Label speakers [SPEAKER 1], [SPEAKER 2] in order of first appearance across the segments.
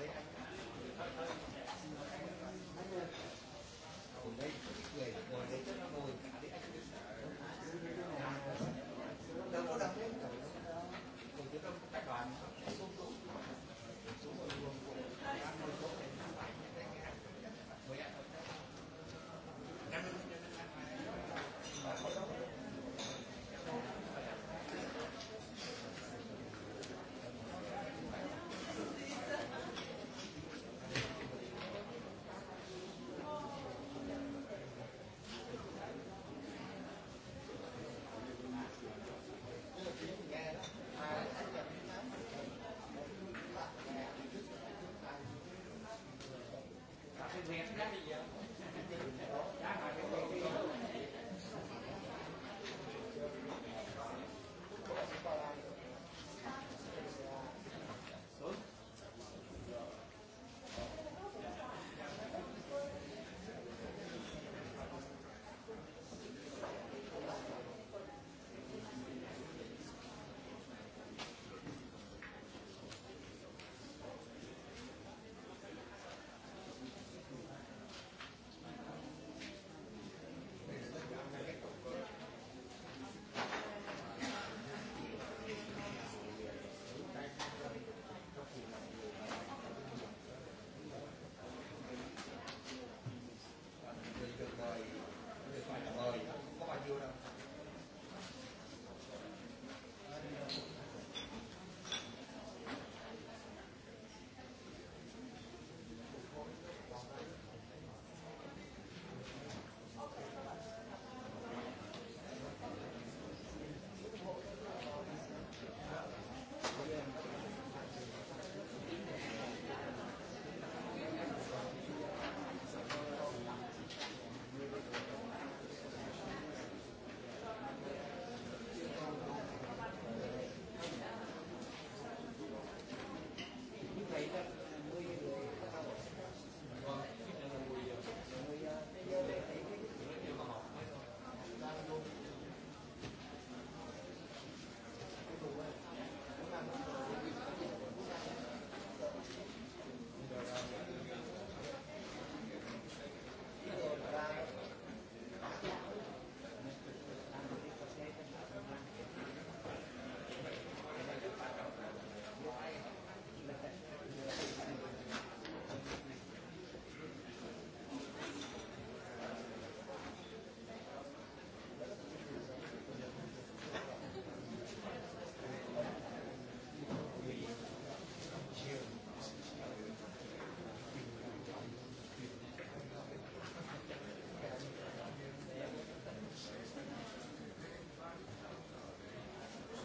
[SPEAKER 1] Thank you.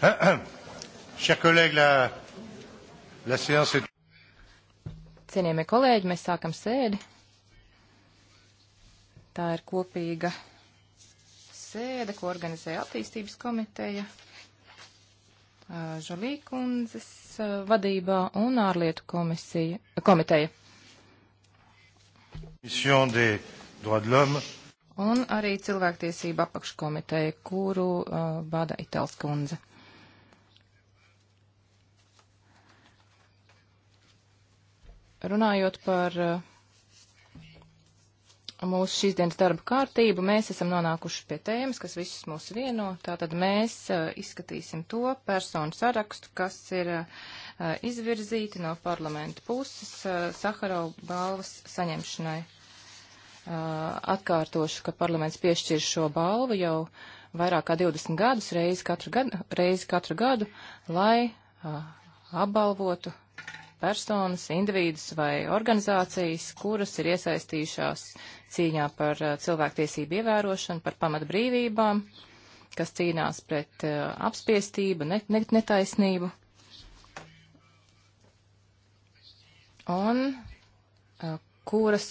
[SPEAKER 2] Cienījamie kolēģi, mēs sākam sēdi. Tā ir kopīga sēde, ko organizēja attīstības komiteja Žalī kundzes vadībā un ārlietu komisija, komiteja. Un arī cilvēktiesība apakškomiteja, kuru uh, bada Itals kundze. Runājot par eh, mūsu šīs dienas darba kārtību, mēs esam nonākuši pie tēmas, kas visus mūs vieno. Tātad mēs uh, izskatīsim to personu sarakstu, kas ir uh, izvirzīti no parlamenta puses uh, Saharau balvas saņemšanai. Atkārtošu, ka parlaments piešķir šo balvu jau vairāk kā 20 gadus, reizi katru gadu, reizi katru gadu lai apbalvotu personas, individus vai organizācijas, kuras ir iesaistījušās cīņā par uh, cilvēktiesību ievērošanu, par pamatbrīvībām, kas cīnās pret uh, apspiestību, net, net, netaisnību. Un uh, kuras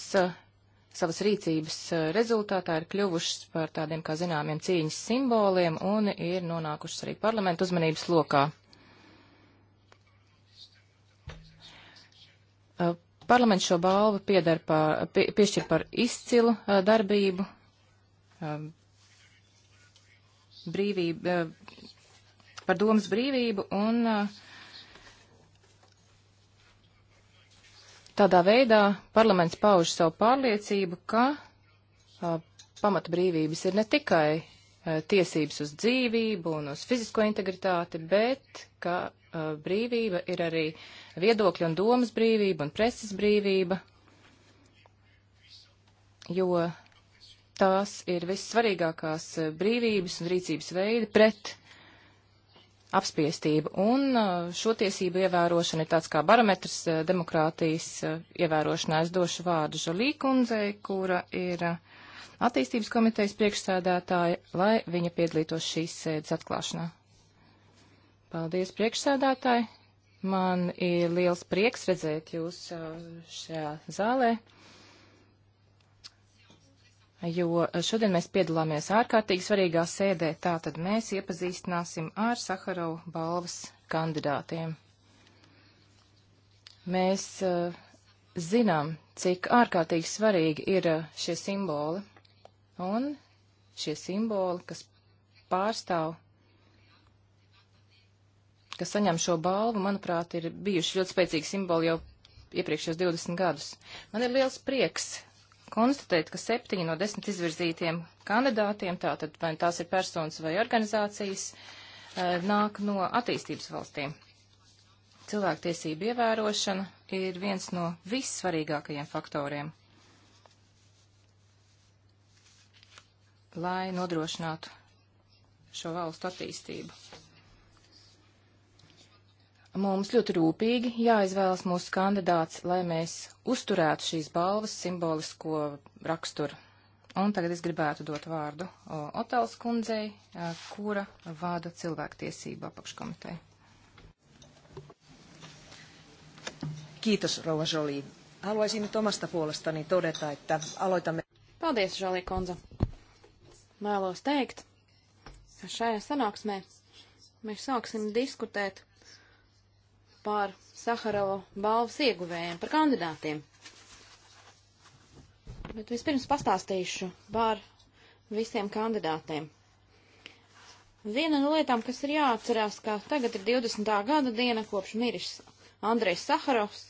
[SPEAKER 2] savas rīcības rezultātā ir kļuvušas par tādiem, kā zināmiem, cīņas simboliem un ir nonākušas arī parlamentu uzmanības lokā. Eh, parlaments šo balvu piedar par, pie, piešķir par izcilu eh, darbību, eh, brīvību, par domas brīvību un tādā veidā parlaments pauž savu pārliecību, ka pamata brīvības ir ne tikai tiesības uz dzīvību un uz fizisko integritāti, bet ka brīvība ir arī uh, viedokļu un domas brīvība un preses brīvība, jo tās ir vissvarīgākās eh, brīvības un rīcības veidi pret apspiestību. Un eh, šo tiesību ievērošana ir tāds kā barometrs eh, demokrātijas ievērošanā. Es došu vārdu Žalī kundzei, kura ir attīstības komitejas priekšsēdētāja, lai viņa piedalītos šīs sēdes atklāšanā. Paldies priekšsēdētāji. Man ir liels prieks redzēt jūs uh, šajā zālē, jo šodien mēs piedalāmies ārkārtīgi svarīgā sēdē. Tātad mēs iepazīstināsim ar Saharovu balvas kandidātiem. Mēs uh, zinām, cik ārkārtīgi svarīgi ir uh, šie simboli. Un šie simboli, kas pārstāv kas saņem šo balvu, manuprāt, ir bijuši ļoti spēcīgi simboli jau iepriekšējos 20 gadus. Man ir liels prieks konstatēt, ka septiņi no desmit izvirzītiem kandidātiem, tātad vai tās ir personas vai organizācijas, eh, nāk no attīstības valstīm. Cilvēktiesība ievērošana ir viens no vissvarīgākajiem faktoriem, lai nodrošinātu šo valstu attīstību. Mums ļoti rūpīgi jāizvēlas mūsu kandidāts, lai mēs uzturētu šīs balvas simbolisko raksturu. Un tagad es gribētu dot vārdu Otels kundzei, kura vada cilvēktiesību
[SPEAKER 3] apakškomiteju. Kiitos, Rouva Jolie. Haluaisin nyt omasta puolestani todeta, että aloitamme... Paldies, Jolie Konza. Vēlos teikt, ka šajā sanāksmē mēs sāksim diskutēt par Saharova balvas ieguvējiem, par kandidātiem. Bet vispirms pastāstīšu par visiem kandidātiem. Viena no lietām, kas ir jāatcerās, ka tagad ir 20. gada diena, kopš miris Andrejs Saharovs.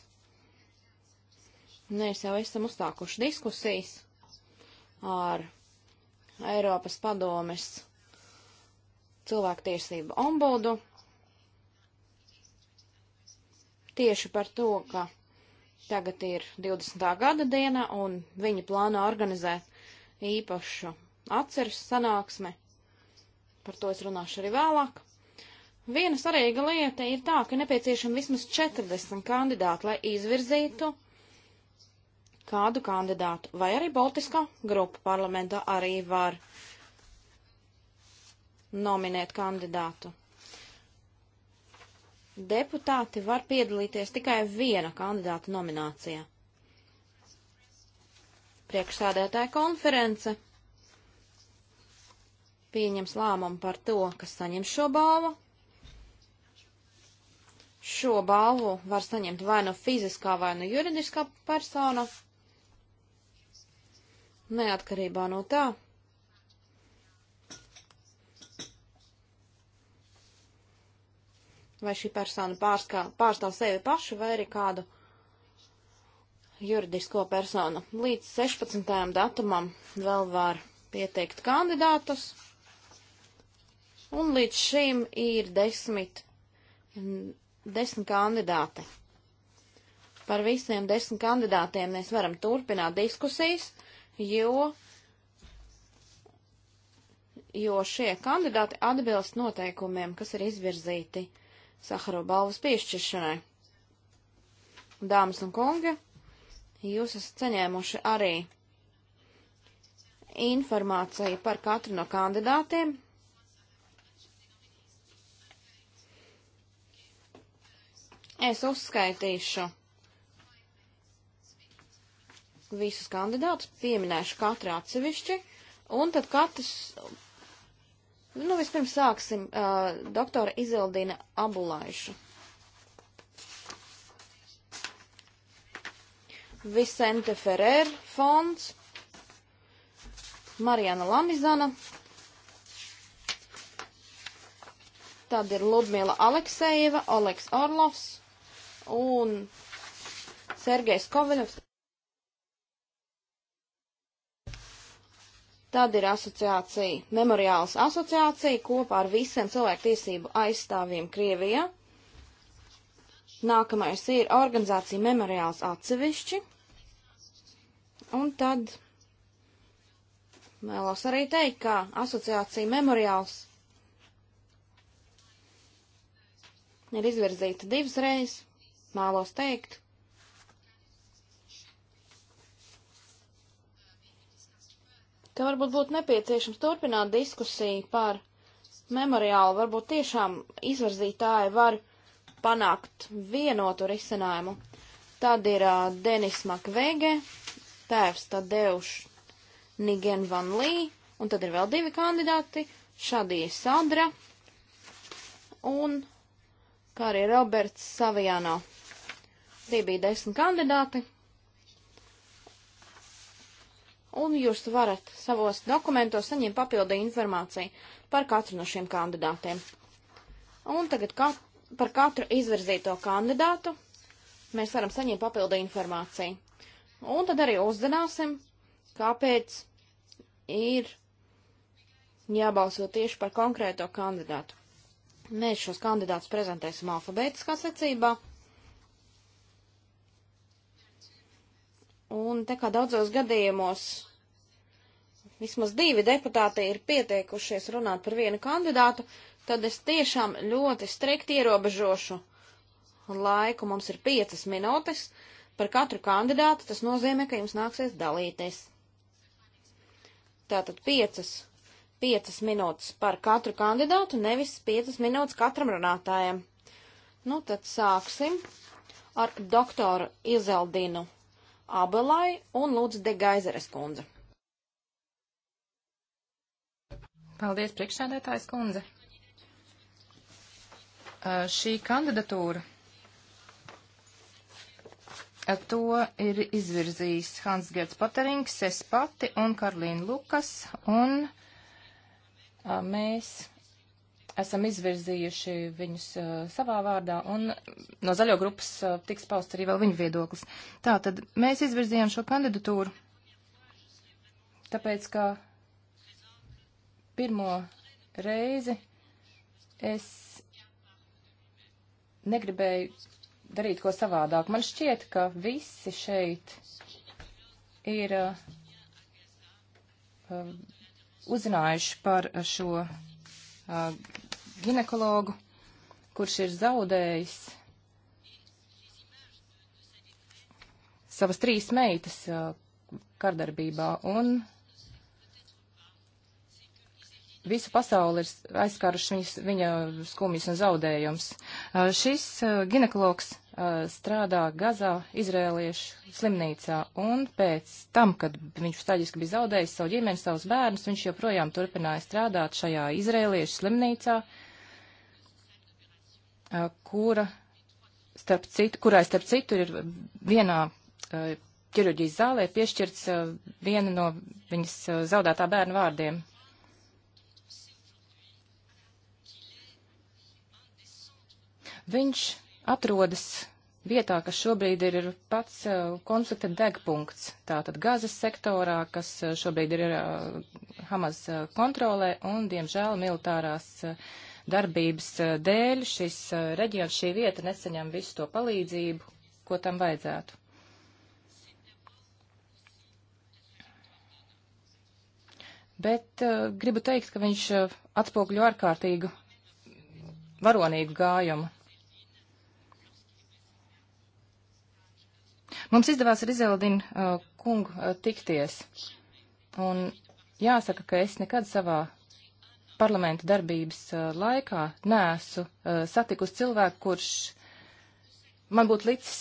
[SPEAKER 3] Mēs jau esam uzstākuši diskusijas ar Eiropas padomes cilvēktiesību ombudu tieši par to, ka tagad ir 20. gada diena un viņi plāno organizēt īpašu atceres sanāksmi. Par to es runāšu arī vēlāk. Viena svarīga lieta ir tā, ka nepieciešama vismaz 40 kandidāti, lai izvirzītu kādu kandidātu, vai arī politiskā grupa parlamentā arī var nominēt kandidātu deputāti var piedalīties tikai viena kandidāta nominācijā. Priekšsādētāja konference pieņems lēmumu par to, kas saņem šo balvu. Šo balvu var saņemt vai no nu fiziskā, vai no nu juridiskā persona, neatkarībā no tā, vai šī persona pārskā, pārstāv sevi pašu vai arī kādu juridisko personu. Līdz 16. datumam vēl var pieteikt kandidātus, un līdz šim ir desmit, desmit kandidāti. Par visiem desmit kandidātiem mēs varam turpināt diskusijas, jo jo šie kandidāti atbilst noteikumiem, kas ir izvirzīti Sahara balvas piešķiršanai. Dāmas un kungi, jūs esat saņēmuši arī informāciju par katru no kandidātiem. Es uzskaitīšu visus kandidātus, pieminēšu katru atsevišķi, un tad katrs Nu, vispirms sāksim uh, doktora Izildina Abulaišu. Vicente Ferrer fonds, Marijana Lamizana, tad ir Ludmila Aleksejeva, Oleks Orlovs un Sergejs Koveļovs. Tad ir asociācija, memoriāls asociācija kopā ar visiem cilvēktiesību aizstāvjiem Krievijā. Nākamais ir organizācija memoriāls atsevišķi. Un tad vēlos arī teikt, ka asociācija memoriāls ir izvirzīta divas reizes. Mēlos teikt, Te varbūt būtu nepieciešams turpināt diskusiju par memoriālu, varbūt tiešām izvirzītāji var panākt vienotu risinājumu. Tad ir uh, Denis Makvege, tēvs Tadeuš Nigen Van Lī, un tad ir vēl divi kandidāti - Šadija Sadra un kā arī Roberts Savijāno. Tie bija desmit kandidāti, un jūs varat savos dokumentos saņemt papildu informāciju par katru no šiem kandidātiem. Un tagad ka par katru izvirzīto kandidātu mēs varam saņemt papildu informāciju. Un tad arī uzzināsim, kāpēc ir jābalso tieši par konkrēto kandidātu. Mēs šos kandidātus prezentēsim alfabētiskā secībā. Un tā kā daudzos gadījumos vismaz divi deputāti ir pieteikušies runāt par vienu kandidātu, tad es tiešām ļoti strikti ierobežošu laiku. Mums ir piecas minūtes par katru kandidātu, tas nozīmē, ka jums nāksies dalīties. Tātad piecas, piecas minūtes par katru kandidātu, nevis piecas minūtes katram runātājam. Nu, tad sāksim ar doktoru Izeldinu Abelai un lūdzu de Gaizeres kundze. Paldies, priekšsēdētājs kundze.
[SPEAKER 2] Uh, šī kandidatūra To ir izvirzījis Hans Gerts Paterings, es pati un Karlīna Lukas, un a, mēs esam izvirzījuši viņus uh, savā vārdā, un no zaļo grupas uh, tiks pausts arī vēl viņu viedoklis. Tā tad mēs izvirzījām šo kandidatūru, tāpēc, ka pirmo reizi es negribēju darīt ko savādāk. Man šķiet, ka visi šeit ir uh, uzzinājuši par šo ginekologu, kurš ir zaudējis savas trīs meitas uh, kardarbībā un visu pasauli ir aizskāruši viņas, viņa skumjas un zaudējums. Uh, šis uh, ginekologs strādā Gazā, Izrēliešu slimnīcā, un pēc tam, kad viņš traģiski bija zaudējis savu ģimeni, savus bērnus, viņš joprojām turpināja strādāt šajā Izrēliešu slimnīcā, uh, Eh, kura, starp citu, kurai starp citu ir vienā eh, ķirurģijas zālē piešķirts eh, viena no viņas zaudētā bērna vārdiem. Viņš atrodas vietā, kas šobrīd ir pats konflikta degpunkts, tātad gazas sektorā, kas šobrīd ir Hamas kontrolē un, diemžēl, militārās uh, darbības eh, dēļ šis eh, reģions, šī vieta nesaņem visu to palīdzību, ko tam vajadzētu. Bet uh, gribu teikt, ka viņš uh, atspogļo ārkārtīgu varonīgu gājumu. Mums izdevās ar Izeldinu uh, kungu uh, tikties. Un jāsaka, ka es nekad savā parlamenta darbības uh, laikā nēsu uh, satikusi cilvēku, kurš man būtu licis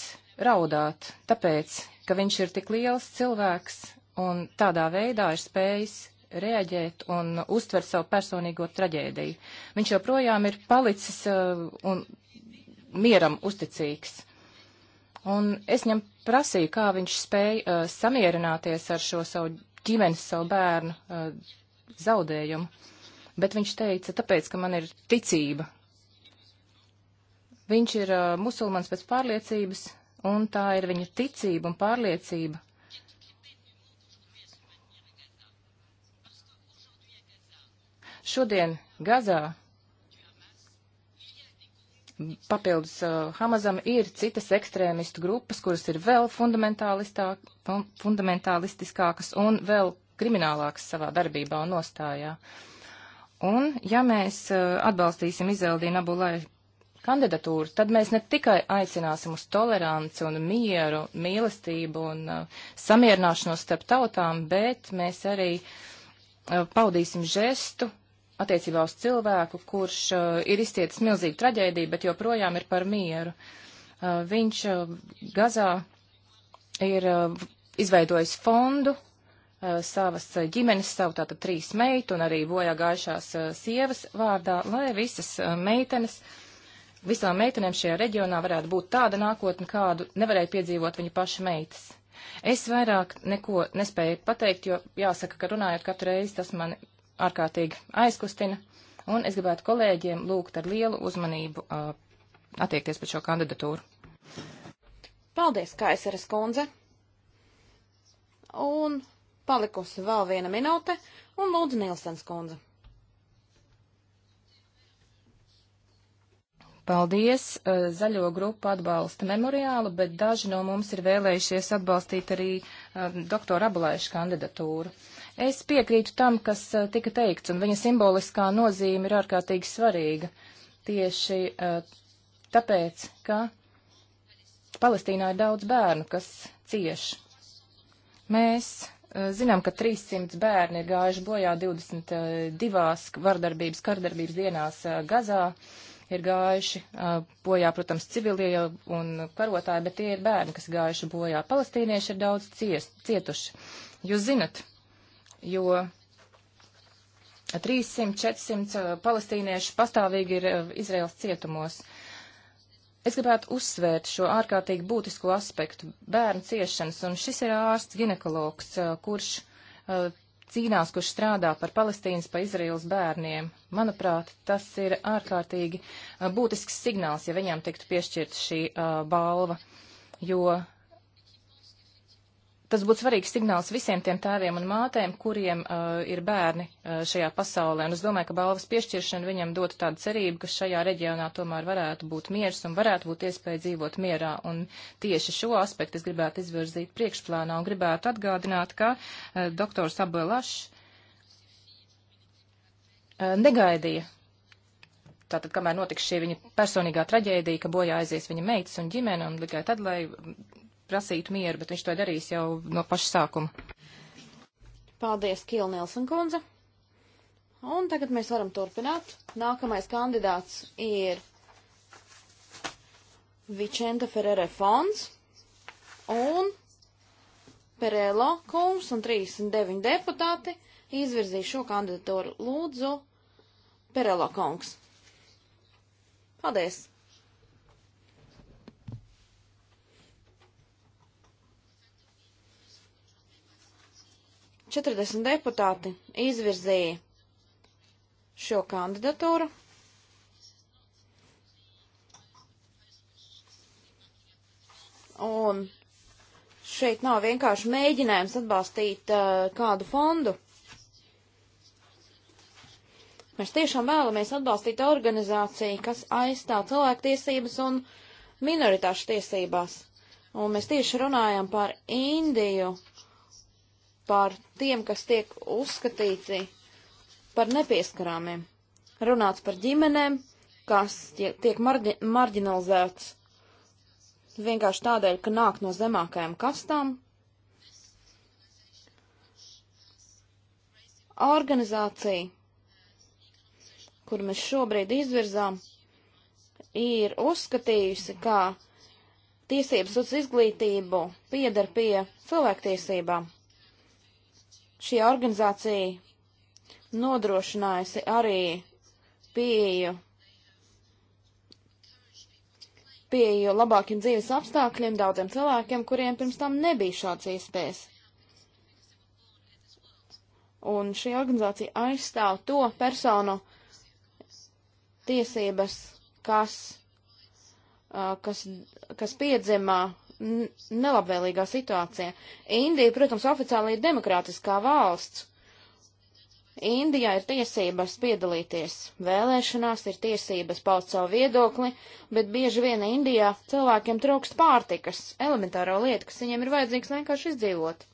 [SPEAKER 2] raudāt, tāpēc, ka viņš ir tik liels cilvēks un tādā veidā ir spējis reaģēt un uztvert savu personīgo traģēdiju. Viņš joprojām ir palicis uh, un mieram uzticīgs. Un es viņam prasīju, kā viņš spēja uh, samierināties ar šo savu ģimenes, savu bērnu uh, zaudējumu bet viņš teica, tāpēc, ka man ir ticība. Viņš ir uh, musulmans pēc pārliecības, un tā ir viņa ticība un pārliecība. Šodien Gazā papildus uh, Hamazam ir citas ekstrēmistu grupas, kuras ir vēl fundamentālistiskākas un vēl kriminālākas savā darbībā un nostājā. Uh, Un, ja mēs uh, atbalstīsim Izeldīnu Abulai kandidatūru, tad mēs ne tikai aicināsim uz toleranci un mieru, mīlestību un uh, samierināšanos starp tautām, bet mēs arī uh, paudīsim žestu attiecībā uz cilvēku, kurš uh, ir izcietis milzīgu traģēdiju, bet joprojām ir par mieru. Uh, viņš uh, Gazā ir izveidojis fondu, Uh, savas ģimenes, savu tātad trīs meitu un arī bojā gājušās uh, sievas vārdā, lai visas uh, meitenes, visām meitenēm šajā reģionā varētu būt tāda nākotne, kādu nevarēja piedzīvot viņa paša meitas. Es vairāk neko nespēju pateikt, jo jāsaka, ka runājot katru reizi, tas mani ārkārtīgi aizkustina, un es gribētu kolēģiem lūgt ar lielu uzmanību uh, attiekties pret šo kandidatūru.
[SPEAKER 3] Paldies, Kaiseres kundze! Un palikusi vēl viena minūte, un lūdzu Nilsens kundze.
[SPEAKER 2] Paldies! Eh, zaļo grupu atbalsta memoriālu, bet daži no mums ir vēlējušies atbalstīt arī um, doktora Abulēša kandidatūru. Es piekrītu tam, kas uh, tika teikts, un viņa simboliskā nozīme ir ārkārtīgi svarīga. Tieši uh, tāpēc, ka Palestīnā ir daudz bērnu, kas cieš. Mēs Zinām, ka 300 bērni ir gājuši bojā 22 eh, vardarbības, kardarbības dienās eh, Gazā ir gājuši eh, bojā, protams, civilie un karotāji, bet tie ir bērni, kas gājuši bojā. Palestīnieši ir daudz ciest, cietuši. Jūs zinat, jo 300-400 palestīnieši pastāvīgi ir Izraels cietumos. Uh, Es gribētu uzsvērt šo ārkārtīgi būtisko aspektu - bērnu ciešanas, un šis ir ārsts ginekologs, kurš uh, cīnās, kurš strādā par Palestīnas, pa Izraels bērniem. Manuprāt, tas ir ārkārtīgi uh, būtisks signāls, ja viņam tiktu piešķirt šī uh, balva, jo tas būtu svarīgs signāls visiem tiem tēviem un mātēm, kuriem uh, ir bērni uh, šajā pasaulē. Un es domāju, ka balvas piešķiršana viņam dotu tādu cerību, ka šajā reģionā tomēr varētu būt miers un varētu būt iespēja dzīvot mierā. Un tieši šo aspektu es gribētu izvirzīt priekšplānā un gribētu atgādināt, ka uh, doktors Abelašs uh, negaidīja. Tātad, kamēr notiks šī viņa personīgā traģēdija, ka bojā aizies viņa meitas un ģimene, un tikai tad, lai prasītu mieru, bet viņš to darīs jau no paša sākuma.
[SPEAKER 3] Paldies, Kila Nielsen kundze. Un tagad mēs varam turpināt. Nākamais kandidāts ir Vičenta Ferere Fons un Perelo kungs un 39 deputāti izvirzīja šo kandidatūru. Lūdzu, Perelo kungs. Paldies! 40 deputāti izvirzīja šo kandidatūru. Un šeit nav vienkārši mēģinājums atbalstīt uh, kādu fondu. Mēs tiešām vēlamies atbalstīt organizāciju, kas aizstāv cilvēktiesības un minoritāšu tiesībās. Un mēs tieši runājam par Indiju, par tiem, kas tiek uzskatīti par nepieskarāmiem. Runāts par ģimenēm, kas tiek marģi marginalizēts vienkārši tādēļ, ka nāk no zemākajām kastām. Organizācija, kur mēs šobrīd izvirzām, ir uzskatījusi, ka tiesības uz izglītību pieder pie cilvēktiesībām šī organizācija nodrošinājusi arī pieeju, pieeju labākiem dzīves apstākļiem daudziem cilvēkiem, kuriem pirms tam nebija šāds iespējas. Un šī organizācija aizstāv to personu tiesības, kas, uh, kas, kas piedzimā nelabvēlīgā situācija. Indija, protams, oficiāli ir demokrātiskā valsts. Indijā ir tiesības piedalīties vēlēšanās, ir tiesības paust savu viedokli, bet bieži vien Indijā cilvēkiem trūkst pārtikas, elementāro lietu, kas viņiem ir vajadzīgs vienkārši izdzīvot.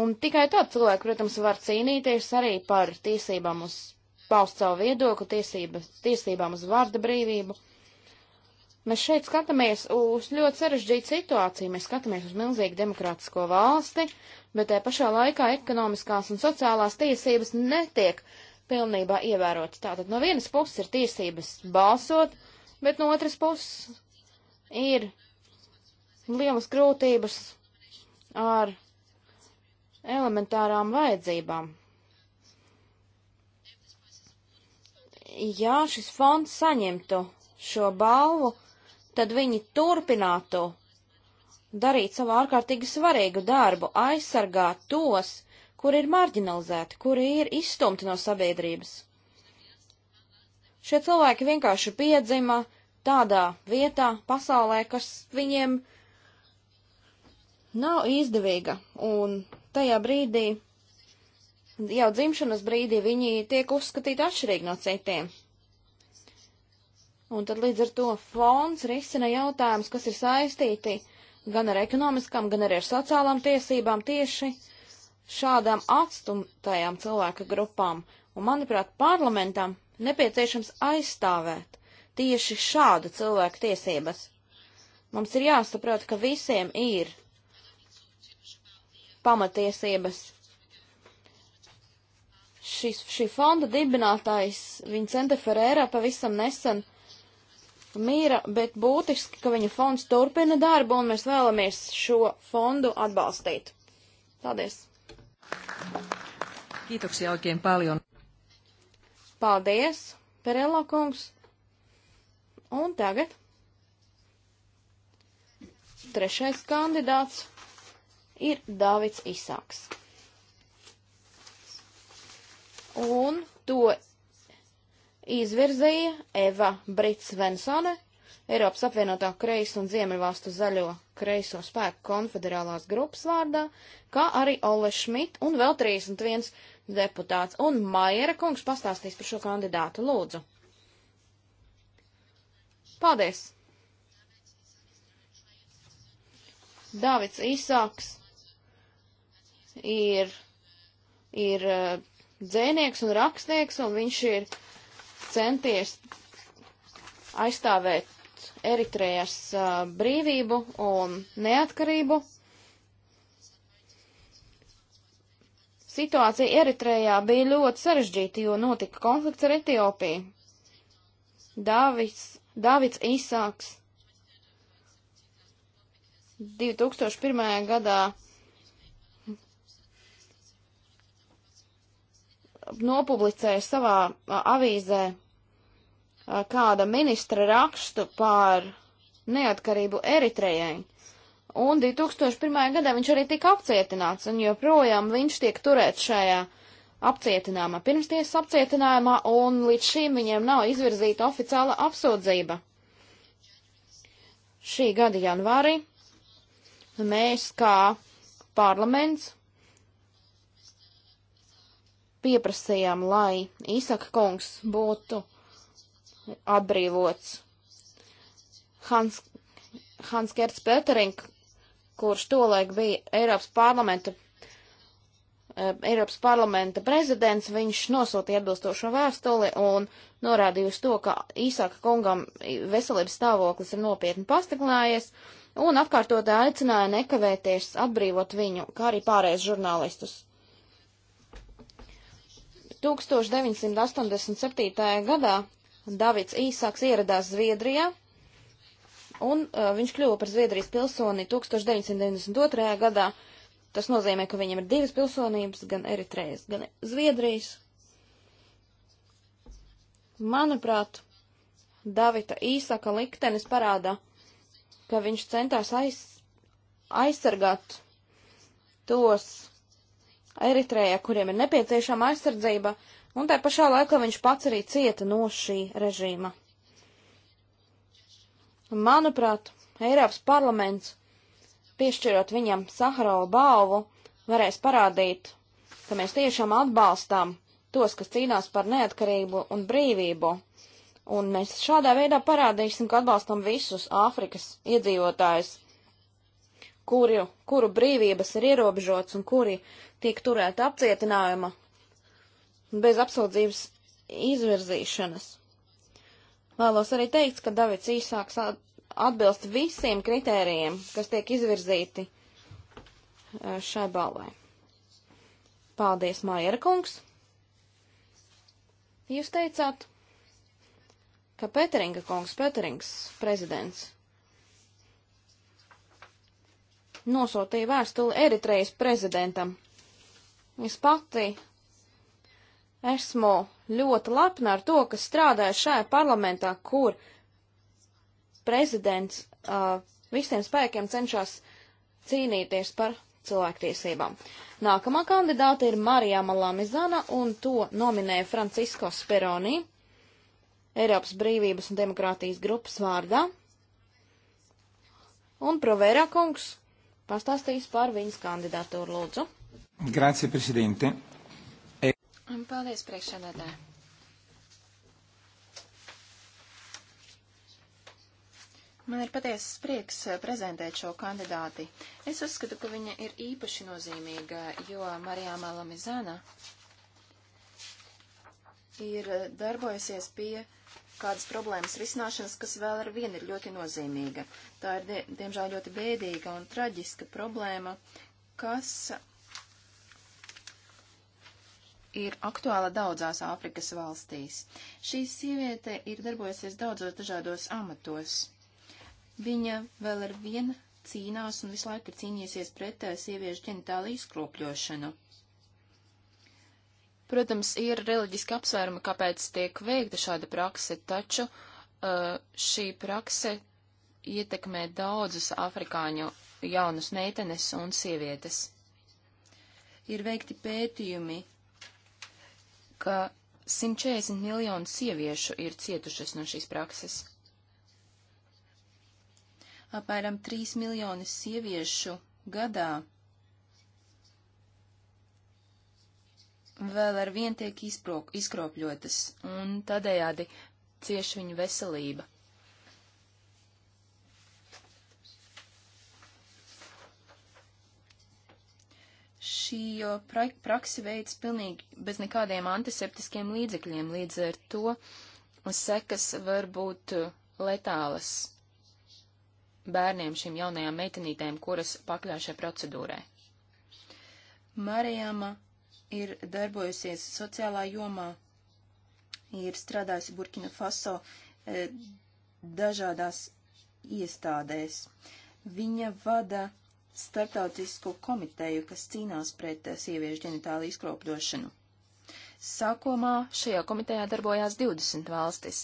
[SPEAKER 3] Un tikai tad cilvēki, protams, var cīnīties arī par tiesībām uz paust savu viedokli, tiesības, tiesībām uz vārda brīvību. Mēs šeit skatāmies uz ļoti sarežģītu situāciju. Mēs skatāmies uz milzīgu demokrātisko valsti, bet te pašā laikā ekonomiskās un sociālās tiesības netiek pilnībā ievērotas. Tātad no vienas puses ir tiesības balsot, bet no otras puses ir lielas grūtības ar elementārām vajadzībām. Ja šis fonds saņemtu šo balvu, tad viņi turpinātu darīt savu ārkārtīgi svarīgu darbu, aizsargāt tos, kuri ir marginalizēti, kuri ir izstumti no sabiedrības. Šie cilvēki vienkārši piedzima tādā vietā, pasaulē, kas viņiem nav izdevīga, un tajā brīdī, jau dzimšanas brīdī, viņi tiek uzskatīti atšķirīgi no citiem. Un tad līdz ar to fonds risina jautājumus, kas ir saistīti gan ar ekonomiskām, gan arī ar sociālām tiesībām tieši šādām atstumtajām cilvēka grupām. Un, manuprāt, parlamentam nepieciešams aizstāvēt tieši šādu cilvēku tiesības. Mums ir jāsaprot, ka visiem ir pamatiesības. Šis, šī fonda dibinātājs Vincente Ferreira pavisam nesen mīra, bet būtiski, ka viņa fonds turpina darbu un mēs vēlamies šo fondu atbalstīt. Paldies! Kiitoksia oikein paljon. Paldies, Perello kungs. Un tagad trešais kandidāts ir Dāvids Isāks. Un to izvirzīja Eva Brits Svensone, Eiropas apvienotā kreiso un Ziemeļvalstu zaļo kreiso spēku konfederālās grupas vārdā, kā arī Ole Šmit un vēl 31 deputāts. Un Maiera kungs pastāstīs par šo kandidātu lūdzu. Paldies! Dāvids Īsāks ir, ir eh, dzēnieks un rakstnieks, un viņš ir centies aizstāvēt Eritrējas uh, brīvību un neatkarību. Situācija Eritrējā bija ļoti sarežģīta, jo notika konflikts ar Etiopiju. Dāvis, Dāvids Īsāks 2001. gadā nopublicēja savā avīzē kāda ministra rakstu par neatkarību Eritrejai. Un 2001. gadā viņš arī tika apcietināts, un joprojām viņš tiek turēts šajā apcietinājumā, pirmstiesas apcietinājumā, un līdz šim viņiem nav izvirzīta oficiāla apsūdzība. Šī gada janvārī mēs kā parlaments pieprasījām, lai Īsaka kungs būtu atbrīvots. Hans, Hans Gerts Petering, kurš tolaik bija Eiropas parlamenta, eh, Eiropas parlamenta prezidents, viņš nosūtīja atbilstošo vēstuli un norādīja uz to, ka īsāka kungam veselības stāvoklis ir nopietni pastiprinājies un atkārtotē aicināja nekavēties atbrīvot viņu, kā arī pārējais žurnālistus. 1987. gadā Davids īsāks ieradās Zviedrijā, un uh, viņš kļuva par Zviedrijas pilsoni 1992. gadā. Tas nozīmē, ka viņam ir divas pilsonības, gan Eritrejas, gan Zviedrijas. Manuprāt, Davida īsāka liktenis parāda, ka viņš centās aiz, aizsargāt tos Eritrejā, kuriem ir nepieciešama aizsardzība, uh, un nu, tā pašā laikā viņš pats arī cieta no šī režīma. Manuprāt, Eiropas parlaments, piešķirot viņam Saharova balvu, varēs parādīt, ka mēs tiešām atbalstām tos, kas cīnās par neatkarību un brīvību. Un mēs šādā veidā parādīsim, ka atbalstam visus Āfrikas iedzīvotājus, kuru, kuru brīvības ir ierobežots un kuri tiek turēti apcietinājuma bez apsūdzības izvirzīšanas. Vēlos arī teikt, ka Davids īsāks atbilst visiem kritērijiem, kas tiek izvirzīti e, šai balvai. Paldies, Maiera kungs! Jūs teicāt, ka Peteringa kungs, Peterings prezidents, nosūtīja vēstuli Eritrejas prezidentam. Es pati Esmu ļoti lepna ar to, ka strādāju šajā parlamentā, kur prezidents uh, visiem spēkiem cenšas cīnīties par cilvēktiesībām. Nākamā kandidāte ir Marijā Malamizana, un to nominēja Francisko Speroni, Eiropas brīvības un demokrātijas grupas vārdā. Un Provērā kungs pastāstīs par viņas kandidatūru lūdzu.
[SPEAKER 1] Grazie, prezidente.
[SPEAKER 3] Paldies, priekšsēdētāji.
[SPEAKER 1] Man ir patiesas prieks eh, prezentēt šo kandidāti. Es uzskatu, ka viņa ir īpaši nozīmīga, jo Marijāma Lamizana ir eh, darbojusies pie kādas problēmas risināšanas, kas vēl ar vienu ir ļoti nozīmīga. Tā ir, diemžēl, ļoti bēdīga un traģiska problēma, kas ir aktuāla daudzās Āfrikas valstīs. Šī sieviete ir darbojusies daudzos dažādos amatos. Viņa vēl ar vienu cīnās un visu laiku ir cīnījusies pret eh, sieviešu ģenitālu izkropļošanu. Protams, ir reliģiski apsvērumi, kāpēc tiek veikta šāda prakse, taču eh, šī prakse ietekmē daudzus afrikāņu jaunus meitenes un sievietes. Ir veikti pētījumi ka 140 miljonu sieviešu ir cietušas no šīs prakses. Apmēram 3 miljoni sieviešu gadā vēl ar vien tiek izprok, izkropļotas, un tādējādi cieši viņu veselība. šī pra praksi veids pilnīgi bez nekādiem antiseptiskiem līdzekļiem, līdz ar to sekas var būt letālas bērniem, šīm jaunajām meitenītēm, kuras pakļauj šai procedūrai. Marijama ir darbojusies sociālā jomā, ir strādājusi Burkina Faso e, dažādās iestādēs. Viņa vada starptautisko komiteju, kas cīnās pret eh, sieviešu ģenitālu izkropļošanu. Sākumā šajā komitejā darbojās 20 valstis.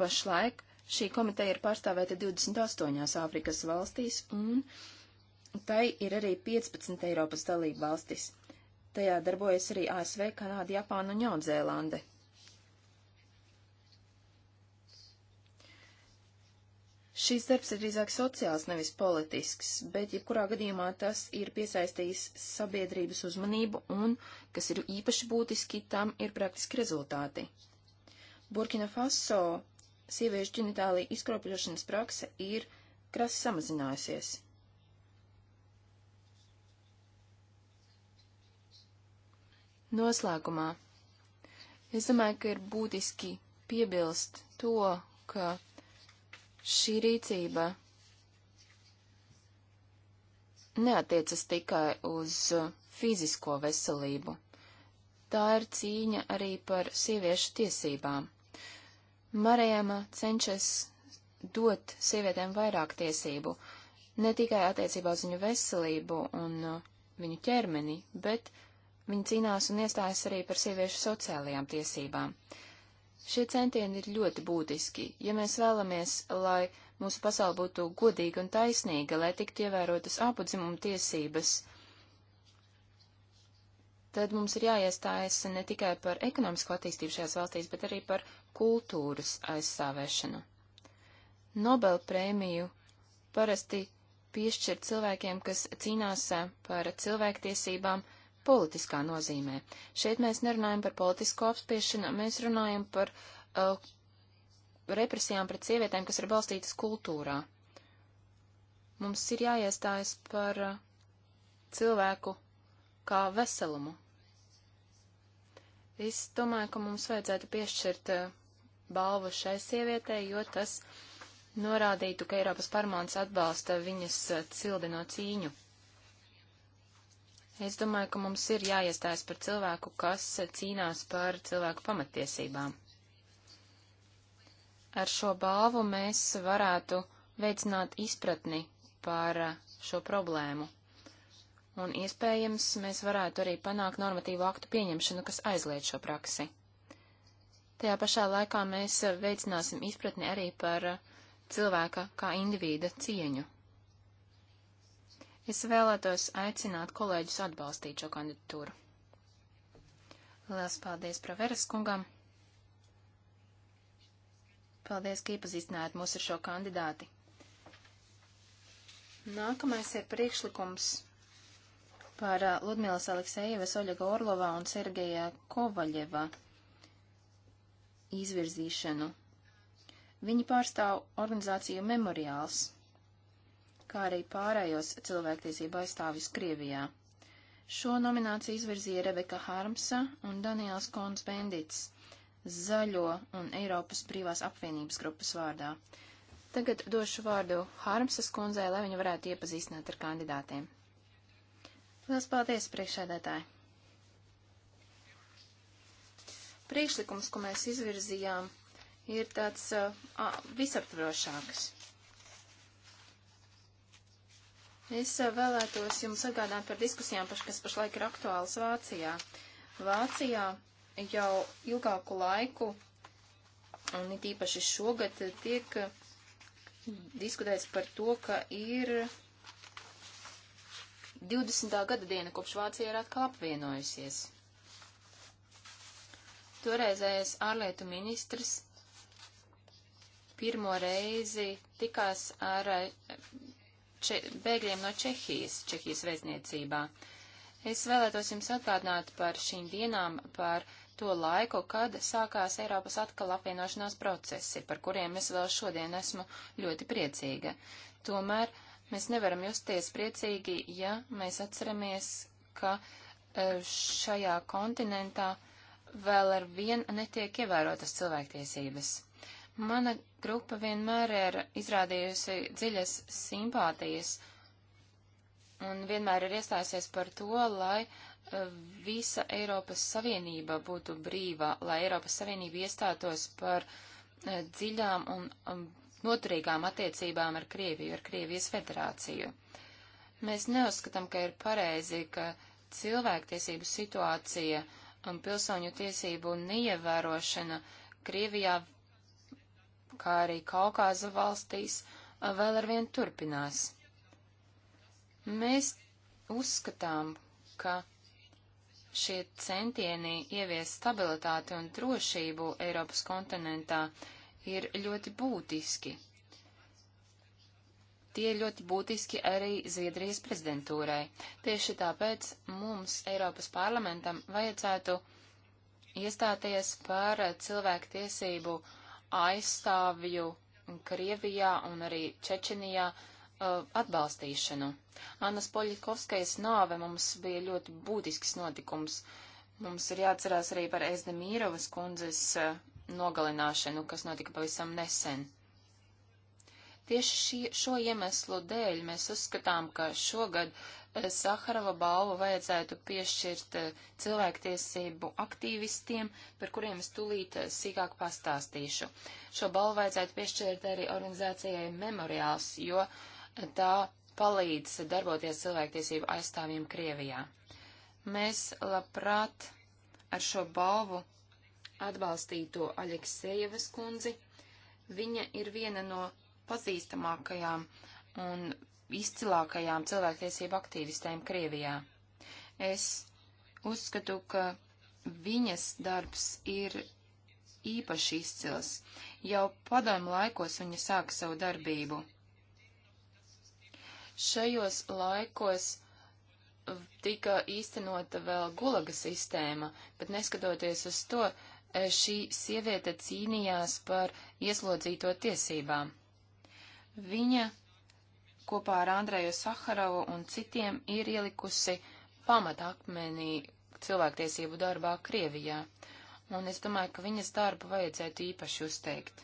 [SPEAKER 1] Pašlaik šī komiteja ir pārstāvēta 28 Āfrikas valstīs, un tai ir arī 15 Eiropas dalība valstis. Tajā darbojas arī ASV, Kanāda, Japāna un Jaunzēlande. Šīs darbs ir drīzāk sociāls, nevis politisks, bet jebkurā gadījumā tas ir piesaistījis sabiedrības uzmanību un, kas ir īpaši būtiski, tam ir praktiski rezultāti. Burkina Faso sieviešu ģenitālija izkropļošanas prakse ir krasi samazinājusies. Noslēgumā es domāju, ka ir būtiski piebilst to, ka Šī rīcība neatiecas tikai uz fizisko veselību. Tā ir cīņa arī par sieviešu tiesībām. Marijama cenšas dot sievietēm vairāk tiesību, ne tikai attiecībā uz viņu veselību un uh, viņu ķermeni, bet viņa cīnās un iestājas arī par sieviešu sociālajām tiesībām. Šie centieni ir ļoti būtiski, ja mēs vēlamies, lai mūsu pasauli būtu godīga un taisnīga, lai tiktu ievērotas apudzimuma tiesības, tad mums ir jāiestājas ne tikai par ekonomisko attīstību šajās valstīs, bet arī par kultūras aizstāvēšanu. Nobel prēmiju parasti piešķir cilvēkiem, kas cīnās par cilvēktiesībām, politiskā nozīmē. Šeit mēs nerunājam par politisko apspiešanu, mēs runājam par uh, represijām pret sievietēm, kas ir balstītas kultūrā. Mums ir jāiestājas par uh, cilvēku kā veselumu. Es domāju, ka mums vajadzētu piešķirt uh, balvu šai sievietei, jo tas norādītu, ka Eiropas parlaments atbalsta viņas uh, cildino cīņu. Es domāju, ka mums ir jāiestājas par cilvēku, kas cīnās par cilvēku pamatiesībām. Ar šo balvu mēs varētu veicināt izpratni par šo problēmu. Un iespējams, mēs varētu arī panākt normatīvu aktu pieņemšanu, kas aizliedz šo praksi. Tajā pašā laikā mēs veicināsim izpratni arī par cilvēka kā individa cieņu. Es vēlētos aicināt kolēģus atbalstīt šo kandidatūru. Lielas paldies Praveras kungam. Paldies, ka iepazīstinājāt mūs ar šo kandidāti. Nākamais ir priekšlikums par uh, Ludmīlas Aleksejevas, Oļega Orlovā un Sergeja Kovaļeva izvirzīšanu. Viņi pārstāv organizāciju memoriāls kā arī pārējos cilvēktiesību aizstāvis Krievijā. Šo nomināciju izvirzīja Rebeka Harmsa un Daniels Kons Bendits zaļo un Eiropas brīvās apvienības grupas vārdā. Tagad došu vārdu Harmsas kundzei, lai viņa varētu iepazīstināt ar kandidātiem. Lielas paldies, priekšēdētāji! Priekšlikums, ko mēs izvirzījām, ir tāds uh, visaptvarošāks. Es eh, vēlētos jums atgādināt par diskusijām, kas pašlaik ir aktuālas Vācijā. Vācijā jau ilgāku laiku, un it īpaši šogad, tiek eh, diskutēts par to, ka ir 20. gada diena, kopš Vācija ir atkal apvienojusies. Toreizējais ārlietu ministrs pirmo reizi tikās ar eh, če, bēgļiem no Čehijas, Čehijas vēstniecībā. Es vēlētos jums atgādināt par šīm dienām, par to laiku, kad sākās Eiropas atkal apvienošanās procesi, par kuriem es vēl šodien esmu ļoti priecīga. Tomēr mēs nevaram justies priecīgi, ja mēs atceramies, ka e, šajā kontinentā vēl ar vien netiek ievērotas cilvēktiesības. Mana grupa vienmēr ir izrādījusi dziļas simpātijas un vienmēr ir iestājusies par to, lai eh, visa Eiropas Savienība būtu brīva, lai Eiropas Savienība iestātos par eh, dziļām un um, noturīgām attiecībām ar Krieviju, ar Krievijas federāciju. Mēs neuzskatām, ka ir pareizi, ka cilvēktiesību situācija un pilsoņu tiesību neievērošana Krievijā kā arī Kaukāza valstīs, vēl arvien turpinās. Mēs uzskatām, ka šie centieni ievies stabilitāti un drošību Eiropas kontinentā ir ļoti būtiski. Tie ir ļoti būtiski arī Zviedrijas prezidentūrai. Tieši tāpēc mums, Eiropas parlamentam, vajadzētu iestāties par cilvēku tiesību uh, aizstāvju Krievijā un arī Čečenijā uh, atbalstīšanu. Annas Poļikovskajas nāve mums bija ļoti būtisks notikums. Mums ir jāatcerās arī par Ezdemīrovas kundzes uh, nogalināšanu, kas notika pavisam nesen. Tieši šī, šo iemeslu dēļ mēs uzskatām, ka šogad uh, Saharova balvu vajadzētu piešķirt eh, cilvēktiesību aktīvistiem, par kuriem es tūlīt eh, sīkāk pastāstīšu. Šo balvu vajadzētu piešķirt arī organizācijai Memoriāls, jo eh, tā palīdz darboties cilvēktiesību aizstāvjiem Krievijā. Mēs labprāt ar šo balvu atbalstīto Aleksejevas kundzi. Viņa ir viena no pazīstamākajām un izcilākajām cilvēktiesību aktīvistēm Krievijā. Es uzskatu, ka viņas darbs ir īpaši izcils. Jau padomu laikos viņa sāka savu darbību. Šajos laikos tika īstenota vēl gulaga sistēma, bet neskatoties uz to, šī sieviete cīnījās par ieslodzīto tiesībām. Viņa kopā ar Andreju Saharovu un citiem ir ielikusi pamatakmenī cilvēktiesību darbā Krievijā, un es domāju, ka viņas darbu vajadzētu īpaši uzteikt.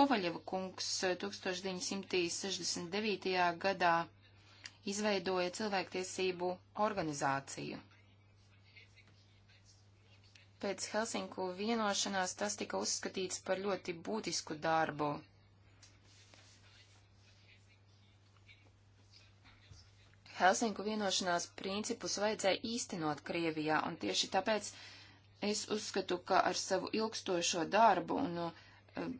[SPEAKER 1] Kovaļeva kungs 1969. Eh, gadā izveidoja cilvēktiesību organizāciju. Pēc Helsinku vienošanās tas tika uzskatīts par ļoti būtisku darbu Helsinku vienošanās principus vajadzēja īstenot Krievijā, un tieši tāpēc es uzskatu, ka ar savu ilgstošo darbu un no um,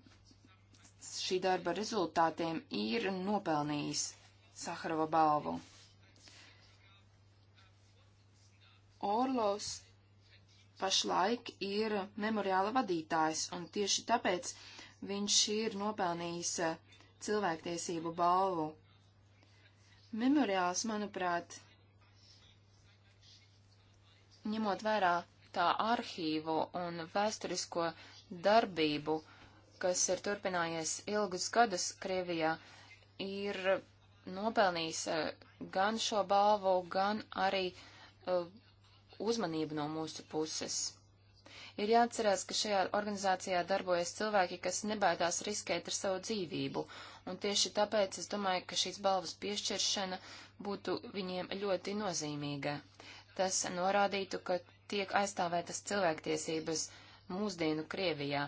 [SPEAKER 1] šī darba rezultātiem ir nopelnījis Saharova balvu. Orlovs pašlaik ir memoriāla vadītājs, un tieši tāpēc viņš ir nopelnījis uh, cilvēktiesību balvu Memoriāls, manuprāt, ņemot vērā tā arhīvu un vēsturisko darbību, kas ir turpinājies ilgus gadus Krievijā, ir nopelnījis eh, gan šo balvu, gan arī eh, uzmanību no mūsu puses. Ir jāatcerās, ka šajā organizācijā darbojas cilvēki, kas nebaidās riskēt ar savu dzīvību, un tieši tāpēc es domāju, ka šīs balvas piešķiršana būtu viņiem ļoti nozīmīga. Tas norādītu, ka tiek aizstāvētas cilvēktiesības mūsdienu Krievijā.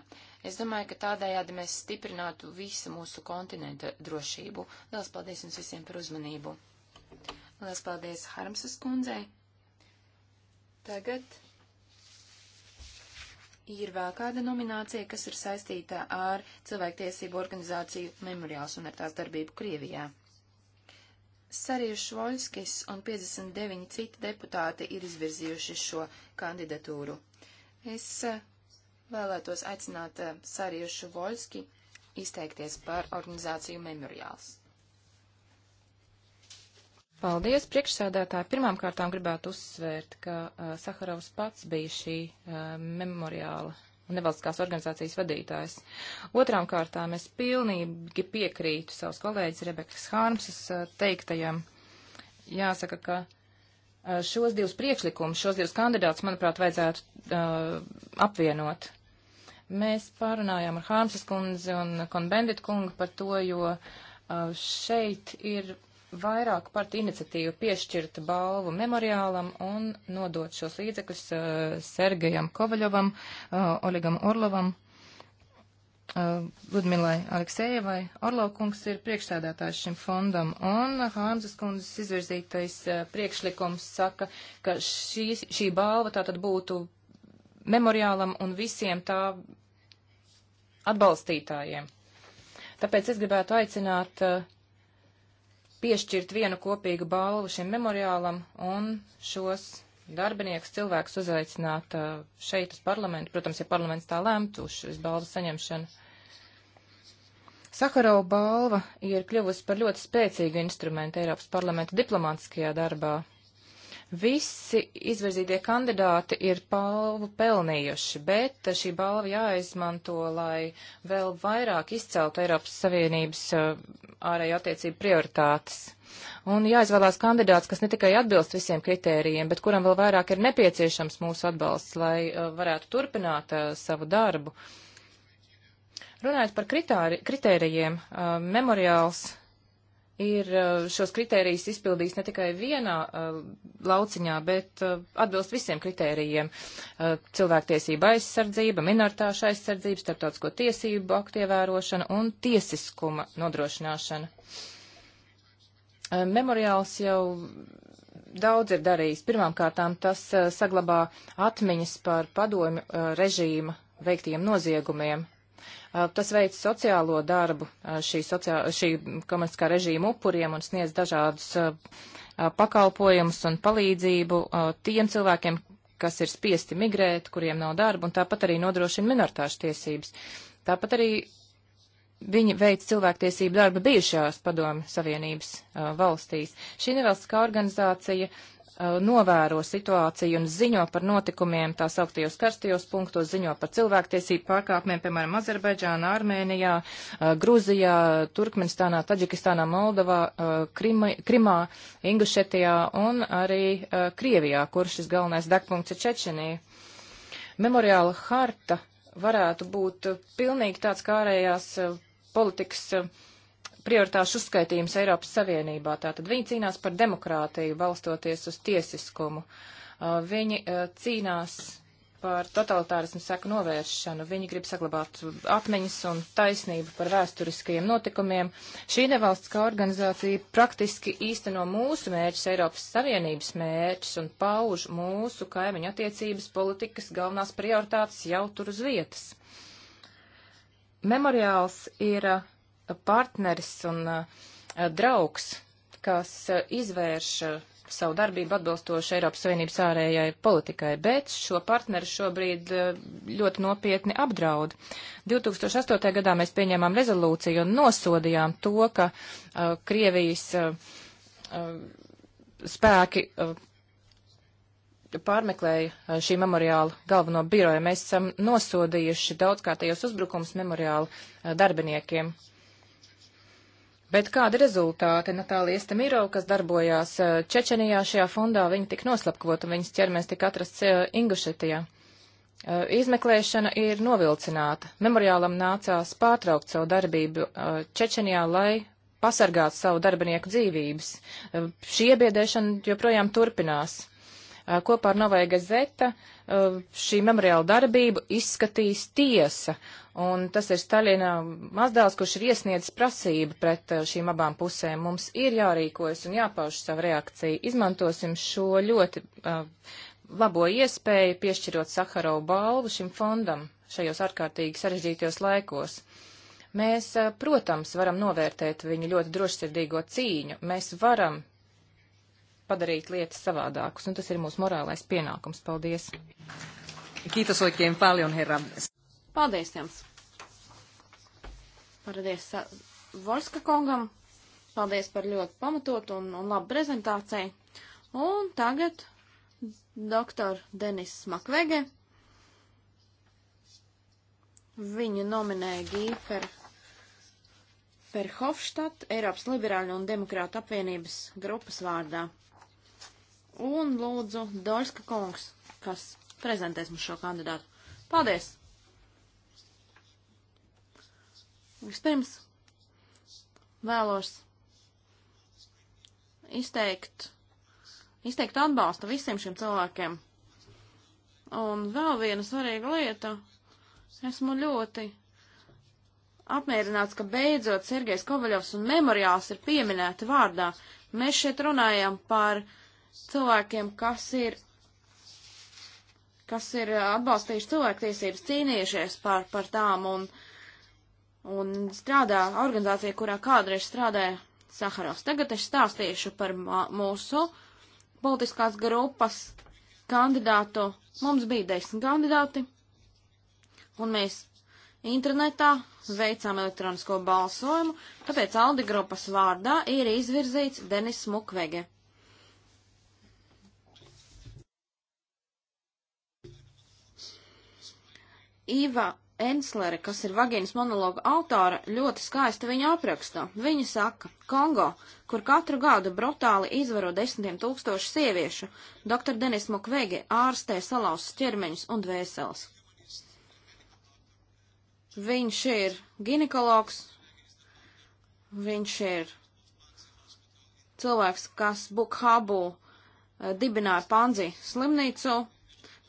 [SPEAKER 1] Es domāju, ka tādējādi mēs stiprinātu visu mūsu kontinenta drošību. Lielas paldies jums visiem par uzmanību! Lielas paldies Harmsas kundzei! Tagad ir vēl kāda nominācija, kas ir saistīta ar cilvēktiesību organizāciju Memoriāls un ar tās darbību Krievijā. Sarijas Švoļskis un 59 citi deputāti ir izvirzījuši šo kandidatūru. Es eh, vēlētos aicināt eh, Sariju Švoļski izteikties par organizāciju Memoriāls.
[SPEAKER 2] Paldies, priekšsēdētāji. Pirmām kārtām gribētu uzsvērt, ka uh, Saharovs pats bija šī uh, memoriāla nevalstiskās organizācijas vadītājs. Otrām kārtām es pilnīgi piekrītu savus kolēģis Rebekas Hārmsas uh, teiktajam. Jāsaka, ka uh, šos divus priekšlikumus, šos divus kandidātus, manuprāt, vajadzētu uh, apvienot. Mēs pārunājām ar Hārmsas kundzi un Konbendit kungu par to, jo uh, šeit ir vairāku partiju iniciatīvu piešķirt balvu memoriālam un nodot šos līdzekļus uh, Sergejam Kovaļovam, uh, Oligam Orlovam, uh, Ludmilai Aleksejevai. Orlovkungs ir priekšsēdētājs šim fondam, un Hānzes kundzes izvirzītais uh, priekšlikums saka, ka šī, šī balva tātad būtu memoriālam un visiem tā atbalstītājiem. Tāpēc es gribētu aicināt uh, piešķirt vienu kopīgu balvu šim memoriālam un šos darbiniekus, cilvēkus uzaicināt uh, šeit uz parlamentu, protams, ja parlaments tā lemtu uz šīs balvas saņemšanu. Sakarau balva ir kļuvusi par ļoti spēcīgu instrumentu Eiropas parlamenta diplomātiskajā darbā. Visi izvirzītie kandidāti ir balvu pelnījuši, bet šī balva jāizmanto, lai vēl vairāk izceltu Eiropas Savienības uh, ārējo attiecību prioritātes. Un jāizvēlās kandidāts, kas ne tikai atbilst visiem kritērijiem, bet kuram vēl vairāk ir nepieciešams mūsu atbalsts, lai uh, varētu turpināt uh, savu darbu. Runājot par kritāri, kritērijiem, uh, memoriāls ir uh, šos kritērijus izpildījis ne tikai vienā uh, lauciņā, bet uh, atbilst visiem kritērijiem uh, - cilvēktiesība aizsardzība, minoritāšu aizsardzība, starptautisko tiesību aktu ievērošana un tiesiskuma nodrošināšana. Uh, memoriāls jau daudz ir darījis. Pirmkārtām tas uh, saglabā atmiņas par padomju režīma veiktajiem noziegumiem Uh, tas veids sociālo darbu uh, šī, sociā, šī komerciskā režīma upuriem un sniedz dažādus uh, pakalpojumus un palīdzību tiem cilvēkiem, kas ir spiesti migrēt, kuriem nav darba, un tāpat arī nodrošina minoritāšu tiesības. Tāpat arī viņi veic cilvēktiesību darbu bijušās padomu savienības uh, valstīs. Šī nevalstiskā organizācija uh, Uh, novēro situāciju un ziņo par notikumiem tā sauktajos karstajos punktos, ziņo par cilvēktiesību pārkāpumiem, piemēram, Azerbaidžānā, Armēnijā, uh, Gruzijā, Turkmenistānā, Taģikistānā, Moldovā, uh, Krima, Krimā, Ingušetijā un arī Krievijā, kur šis galvenais degpunkts ir Čečenija. Memoriāla harta varētu būt pilnīgi tāds kā ārējās politikas uh, prioritāšu uzskaitījums Eiropas Savienībā. Tātad viņi cīnās par demokrātiju, balstoties uz tiesiskumu. Uh, viņi uh, cīnās par totalitārismu seku novēršanu. Viņi grib saglabāt atmiņas un taisnību par vēsturiskajiem notikumiem. Šī nevalstiskā organizācija praktiski īsteno mūsu mērķus, Eiropas Savienības mērķus un pauž mūsu kaimiņu attiecības politikas galvenās prioritātes jau tur uz vietas. Memoriāls ir uh, partneris un eh, draugs, kas eh, izvērš eh, savu darbību atbilstoši Eiropas Savienības ārējai politikai, bet šo partneri šobrīd ļoti nopietni apdraud. 2008. gadā mēs pieņēmām rezolūciju un nosodījām to, ka uh, Krievijas uh, spēki uh, pārmeklēja šī memoriāla galveno biroju. Mēs esam nosodījuši daudzkārtējos uzbrukums memoriāla darbiniekiem. Uh, Bet kādi rezultāti? Natālija Stamiro, kas darbojās eh, Čečenijā šajā fondā, viņa tika noslapkavota, viņas ķermēs tika atrasts eh, Ingušetijā. Eh, izmeklēšana ir novilcināta. Memoriālam nācās pārtraukt savu darbību Čečenijā, lai pasargātu savu darbinieku dzīvības. Šī iebiedēšana joprojām turpinās. Eh, kopā ar Novai Gazeta eh, šī memoriāla darbību izskatīs tiesa, un tas ir Staļina mazdēls, kurš ir iesniedzis prasību pret eh, šīm abām pusēm. Mums ir jārīkojas un jāpauž savu reakciju. Izmantosim šo ļoti uh, labo iespēju piešķirot Saharovu balvu šim fondam šajos ārkārtīgi sarežģītajos laikos. Mēs, protams, varam novērtēt viņu ļoti drošsirdīgo cīņu, mēs varam padarīt lietas savādākas, un tas ir mūsu morālais pienākums. Paldies! Kītas oikein paljon, herra.
[SPEAKER 3] Paldies jums! Paldies Volska kongam! Paldies par ļoti pamatotu un, un labu prezentāciju! Un tagad doktor Denis Makvege. Viņu nominēja Gīfer Ferhofstadt Eiropas Liberāļu un Demokrātu apvienības grupas vārdā. Un lūdzu, Dorska kungs, kas prezentēs mums šo kandidātu. Paldies! Vispirms vēlos izteikt, izteikt atbalstu visiem šiem cilvēkiem. Un vēl viena svarīga lieta. Esmu ļoti apmierināts, ka beidzot Sergejs Kovaļovs un memoriāls ir pieminēti vārdā. Mēs šeit runājam par uh, cilvēkiem, kas ir, kas ir eh, atbalstījuši cilvēktiesības, cīnījušies par, par tām un, un strādā organizācija, kurā kādreiz strādāja Saharovs. Tagad es stāstīšu par mūsu politiskās grupas kandidātu. Mums bija desmit kandidāti, un mēs internetā veicām elektronisko balsojumu, tāpēc Aldi grupas vārdā ir izvirzīts Denis Mukvege. Iva Enslere, kas ir Vagīnas monologa autora, ļoti skaisti viņu apraksta. Viņa saka, Kongo, kur katru gadu brutāli izvaro desmitiem tūkstošu sieviešu, dr. Denis Mukwege ārstē salauzus ķermeņus un dvēseles. Viņš ir ginekologs, viņš ir cilvēks, kas Bukhabu eh, dibināja Panzi slimnīcu,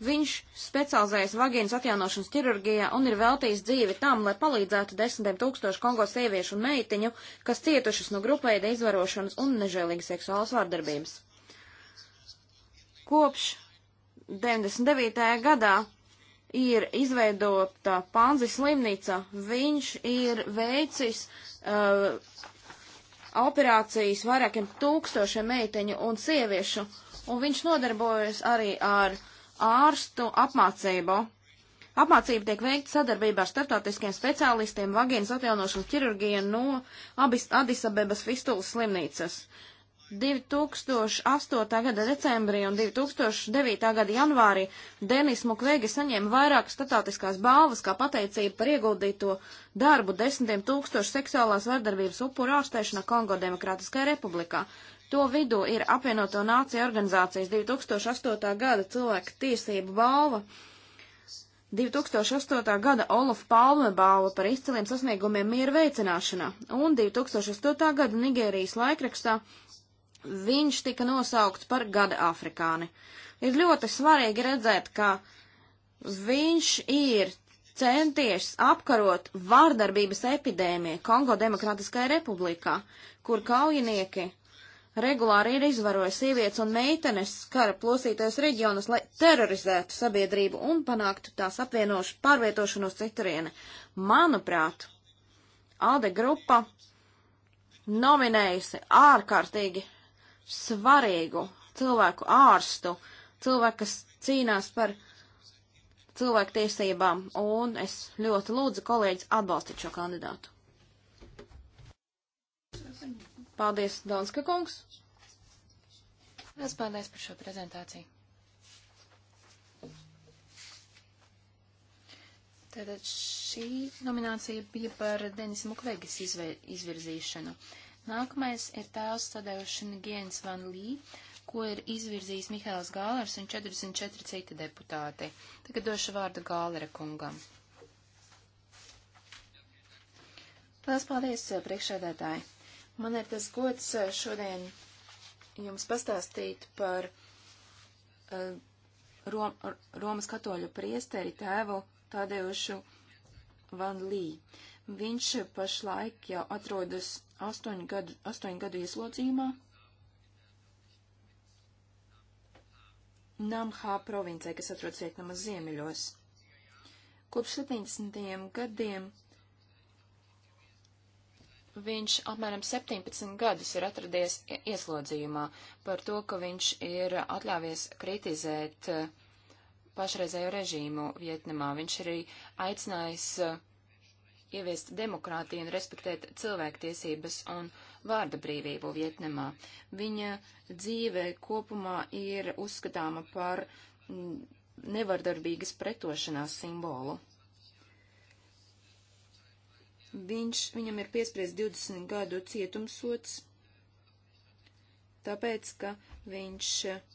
[SPEAKER 3] Viņš specializējas vagīnas atjaunošanas ķirurģijā un ir veltījis dzīvi tam, lai palīdzētu desmitiem tūkstošu kongo sieviešu un meitiņu, kas cietušas no grupveida izvarošanas un nežēlīgas seksuālas vārdarbības. Kopš 99. gadā ir izveidota Panzis slimnīca. Viņš ir veicis uh, operācijas vairākiem tūkstošiem meiteņu un sieviešu, un viņš nodarbojas arī ar uh, ārstu apmācību. Apmācība tiek veikta sadarbībā ar starptautiskiem speciālistiem vagīnas atjaunošanas ķirurgija no Adisabebas fistulas slimnīcas. 2008. gada decembrī un 2009. gada janvārī Denis Mukwege saņēma vairākas statautiskās balvas kā pateicība par ieguldīto darbu desmitiem tūkstošu seksuālās vardarbības upuru ārstēšanā Kongo Demokrātiskajā republikā. To vidū ir apvienoto nāciju organizācijas 2008. gada cilvēka tiesību balva, 2008. gada Olaf Palme balva par izciliem sasniegumiem mieru veicināšanā, un 2008. gada Nigērijas laikrakstā viņš tika nosaukts par gada afrikāni. Ir ļoti svarīgi redzēt, ka viņš ir centies apkarot vārdarbības epidēmiju Kongo Demokrātiskajā republikā, kur kaujinieki regulāri ir izvaroja sievietes un meitenes kara plosītais reģionus, lai terorizētu sabiedrību un panāktu tās apvienošu pārvietošanos citurieni. Manuprāt, Alde grupa nominējusi ārkārtīgi svarīgu cilvēku ārstu, cilvēku, kas cīnās par cilvēktiesībām, un es ļoti lūdzu kolēģis atbalstīt šo kandidātu. Paldies, Donska kungs!
[SPEAKER 1] Es paldies par šo prezentāciju. Tātad šī nominācija bija par Denis Mukvegas izvirzīšanu. Nākamais ir tēls Tadeušana Giens Van Lī, ko ir izvirzījis Mihēls Gālers un 44 citi deputāti. Tagad došu vārdu Gālera kungam. Lielas paldies, priekšsēdētāji! Man ir tas gods eh, šodien jums pastāstīt par uh, Rom, Romas katoļu priesteri tēvu Tadeušu Van Lī. Viņš pašlaik jau atrodas astoņu gadu, astoņu gadu ieslodzījumā Namhā provincē, kas atrodas Vietnamas ziemeļos. Kopš 70. gadiem viņš apmēram 17 gadus ir atradies ieslodzījumā par to, ka viņš ir atļāvies kritizēt eh, pašreizējo režīmu Vietnamā. Viņš arī aicinājis eh, ieviest demokrātiju un respektēt cilvēktiesības un vārda brīvību Vietnamā. Viņa dzīve kopumā ir uzskatāma par mm, nevardarbīgas pretošanās simbolu. Viņš, viņam ir piespriezt 20 gadu cietumsots, tāpēc, ka viņš eh,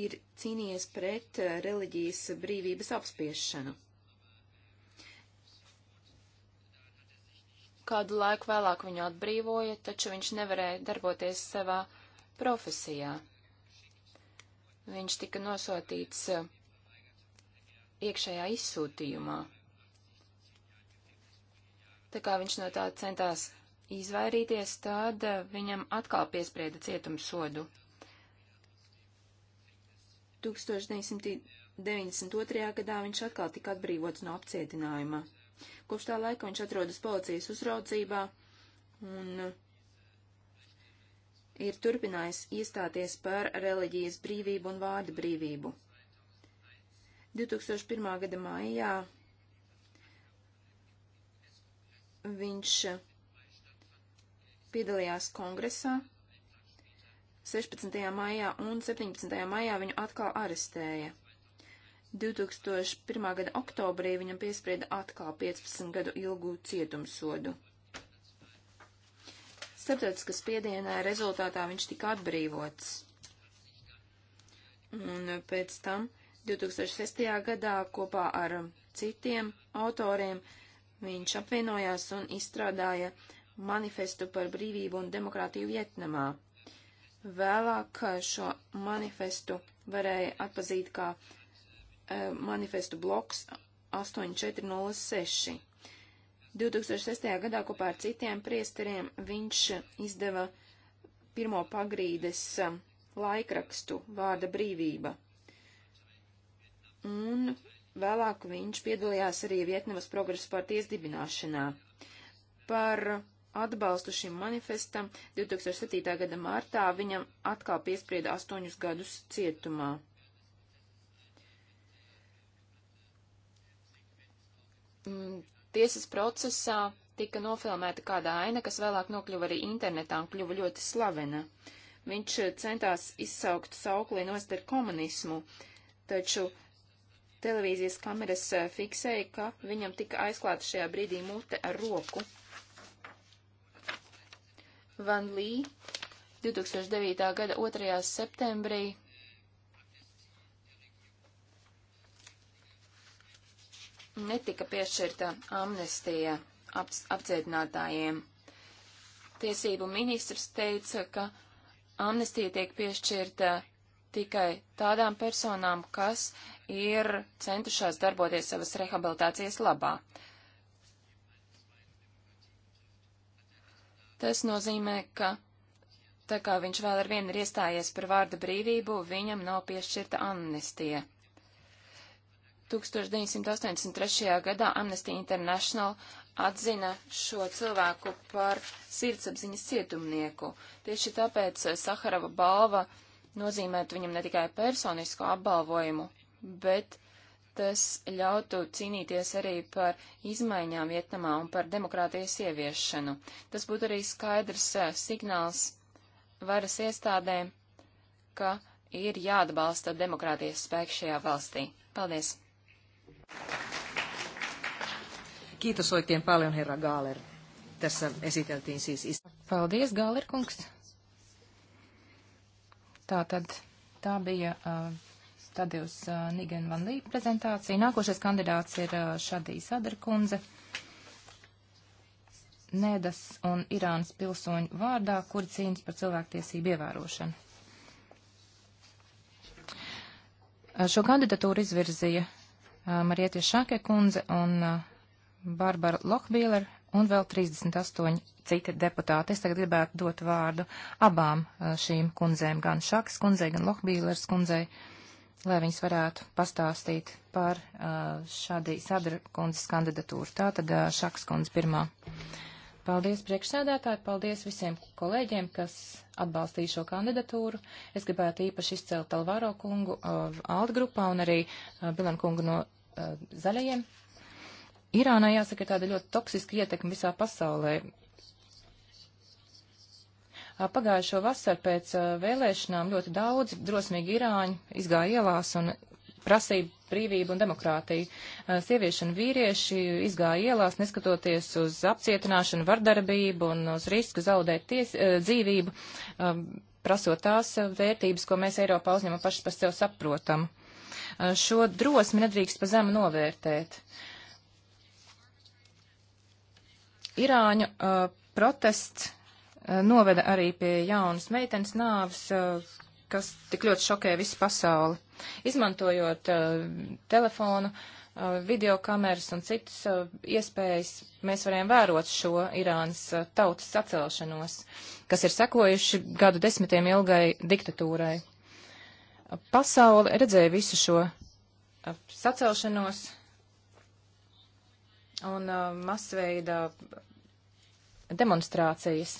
[SPEAKER 1] ir cīnījies pret eh, reliģijas brīvības apspiešanu. Kādu laiku vēlāk viņu atbrīvoja, taču viņš nevarēja darboties savā profesijā. Viņš tika nosūtīts eh, iekšējā izsūtījumā. Tā kā viņš no tā centās izvairīties, tad eh, viņam atkal piesprieda cietumsodu. 1992. gadā viņš atkal tika atbrīvots no apcietinājuma. Kopš tā laika viņš atrodas policijas uzraudzībā un eh, ir turpinājis iestāties par reliģijas brīvību un vārda brīvību. 2001. gada maijā Viņš piedalījās kongresā 16. maijā un 17. maijā viņu atkal arestēja. 2001. gada oktobrī viņam piesprieda atkal 15 gadu ilgu cietumsodu. Starptautiskas spiedienā rezultātā viņš tika atbrīvots. Un pēc tam 2006. gadā kopā ar citiem autoriem uh, Viņš apvienojās un izstrādāja manifestu par brīvību un demokrātiju Vietnamā. Vēlāk eh, šo manifestu varēja atpazīt kā e, manifestu bloks 8406. 2006. gadā kopā ar citiem priesteriem viņš izdeva pirmo pagrīdes eh, laikrakstu vārda brīvība. Un Vēlāk viņš piedalījās arī Vietnamas progresa partijas dibināšanā. Par atbalstu šim manifestam 2007. gada martā viņam atkal piesprieda astoņus gadus cietumā. Mm, tiesas procesā tika nofilmēta kāda aina, kas vēlāk nokļuva arī internetā un kļuva ļoti slavena. Viņš eh, centās izsaukt sauklī nost ar komunismu, taču Televīzijas kameras e, fiksēja, ka viņam tika aizklāta šajā brīdī mute ar roku. Van Lī 2009. gada 2. septembrī netika piešķirta amnestija ap, apcietinātājiem. Tiesību ministrs teica, ka amnestija tiek piešķirta tikai tādām personām, kas uh, ir centušās darboties savas rehabilitācijas labā. Tas nozīmē, ka tā kā viņš vēl ar vienu ir iestājies par vārda brīvību, viņam nav piešķirta amnestija. 1983. gadā Amnesty International atzina šo cilvēku par sirdsapziņas cietumnieku. Tieši tāpēc Saharava balva nozīmētu viņam ne tikai personisku apbalvojumu, bet tas ļautu cīnīties arī par izmaiņām Vietnamā un par demokrātijas ieviešanu. Tas būtu arī skaidrs eh, signāls varas iestādēm, ka ir jāatbalsta demokrātijas spēks šajā valstī.
[SPEAKER 2] Paldies!
[SPEAKER 3] Kiitos oikein paljon,
[SPEAKER 2] herra Gaaler. Tässä esiteltiin siis... Paldies, Gaaler kungs. Tātad tā bija uh, tad jūs uh, Nigen Van Lī prezentāciju. Nākošais kandidāts ir uh, Šadī Sadarkundze. Nēdas un Irānas pilsoņu vārdā, kuri cīnas par cilvēktiesību ievērošanu. Uh, šo kandidatūru izvirzīja uh, Marietija Šake kundze un uh, Barbara Lohbīler un vēl 38 citi deputāti. Es tagad gribētu dot vārdu abām uh, šīm kundzēm, gan Šakas kundzei, gan Lohbīlers kundzei. Uh, lai viņas varētu pastāstīt par uh, šādī sadra kundzes kandidatūru. Tātad uh, Šaks kundze pirmā. Paldies priekšsēdētāji, paldies visiem kolēģiem, kas atbalstīja šo kandidatūru. Es gribētu īpaši izcelt Alvaro kungu uh, Alda grupā un arī uh, Bilan kungu no uh, Zaļajiem. Irānā jāsaka tāda ļoti toksiska ietekme visā pasaulē. Pagājušo vasaru pēc vēlēšanām ļoti daudz drosmīgi irāņi izgāja ielās un prasīja brīvību un demokrātiju. Sievieši un vīrieši izgāja ielās, neskatoties uz apcietināšanu, vardarbību un uz risku zaudēt ties, dzīvību, prasot tās vērtības, ko mēs Eiropā uzņemam paši par sev saprotam. Šo drosmi nedrīkst pa zemu novērtēt. Irāņu protests Eh, noveda arī pie jaunas meitenes nāves, eh, kas tik ļoti šokē visu pasauli. Izmantojot eh, telefonu, videokameras un citas iespējas, mēs varējām vērot šo Irānas tautas sacelšanos, kas ir sekojuši gadu desmitiem ilgai diktatūrai. Pasaule redzēja visu šo sacelšanos un masveida demonstrācijas.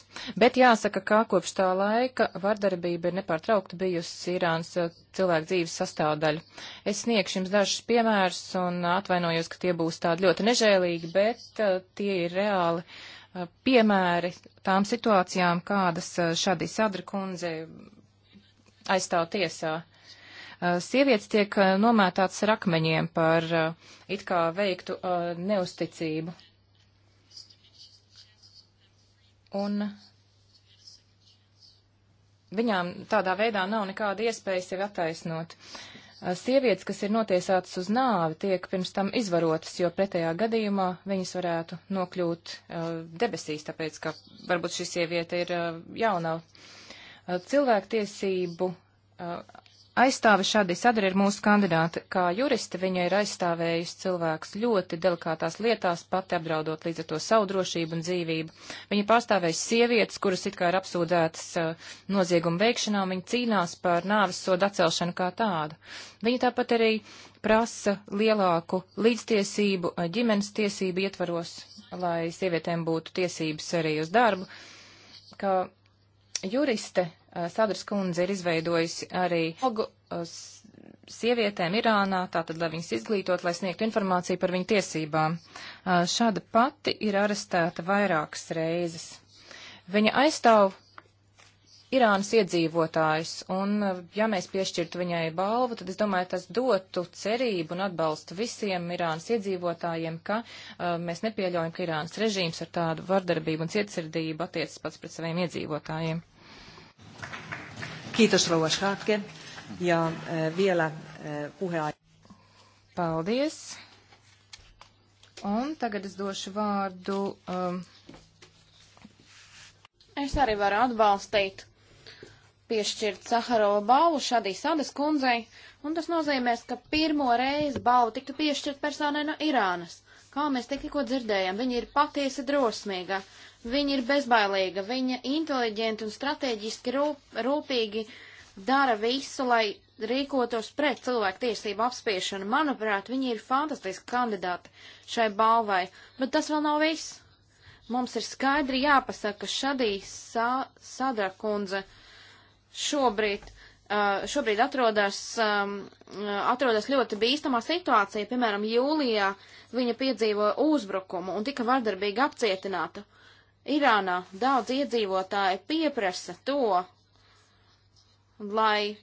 [SPEAKER 2] Bet jāsaka, kā kopš tā laika vardarbība ir nepārtraukti bijusi Irānas uh, cilvēku dzīves sastāvdaļa. Es sniegšu jums dažus piemērus un atvainojos, ka tie būs tādi ļoti nežēlīgi, bet uh, tie ir reāli uh, piemēri tām situācijām, kādas uh, šādi Sadra kundze aizstāv tiesā. Uh, sievietes tiek uh, nomētātas ar akmeņiem par it kā veiktu neusticību Un viņām tādā veidā nav nekāda iespēja sevi attaisnot. Sievietes, kas ir notiesātas uz nāvi, tiek pirms tam izvarotas, jo pretējā gadījumā viņas varētu nokļūt uh, debesīs, tāpēc, ka varbūt šī sieviete ir uh, jauna. Uh, cilvēktiesību aizstāve šādi sadara ir mūsu kandidāte. Kā juriste viņa ir aizstāvējusi cilvēks ļoti delikātās lietās, pati apdraudot līdz ar to savu drošību un dzīvību. Viņa pārstāvējusi sievietes, kuras it kā ir apsūdzētas uh, nozieguma veikšanā, un viņa cīnās par nāves sodu atcelšanu kā tādu. Viņa tāpat arī prasa lielāku līdztiesību uh, ģimenes tiesību ietvaros, lai sievietēm būtu tiesības arī uz darbu. Kā juriste Eh, Sadras kundze ir izveidojusi arī blogu eh, sievietēm Irānā, tātad, lai viņas izglītot, lai sniegtu informāciju par viņu tiesībām. Eh, Šāda pati ir arestēta vairākas reizes. Viņa aizstāv Irānas iedzīvotājs, un ja mēs piešķirtu viņai balvu, tad es domāju, tas dotu cerību un atbalstu visiem Irānas iedzīvotājiem, ka uh, mēs nepieļaujam, ka Irānas režīms ar tādu vardarbību un cietsirdību attiecas pats pret saviem iedzīvotājiem. Kiitos rouva Schatke. Ja eh, vielä eh, puheaika. Paldies. Un tagad es došu vārdu. Um...
[SPEAKER 3] Es arī varu atbalstīt piešķirt Saharova balvu Šadī Sadas kundzei, un tas nozīmēs, ka pirmo reizi balvu tiktu piešķirt personai no Irānas. Kā mēs tikko dzirdējām, viņa ir patiesi drosmīga. Viņa ir bezbailīga, viņa inteliģenti un strateģiski rūp, rūpīgi dara visu, lai rīkotos pret cilvēku tiesību apspiešanu. Manuprāt, viņi ir fantastiski kandidāti šai balvai, bet tas vēl nav viss. Mums ir skaidri jāpasaka, ka šadī sa sadrakundze šobrīd, uh, šobrīd atrodas, um, uh, atrodas ļoti bīstamā situācija. Piemēram, jūlijā viņa piedzīvoja uzbrukumu un tika vardarbīgi apcietināta. Irānā daudz iedzīvotāji pieprasa to, lai,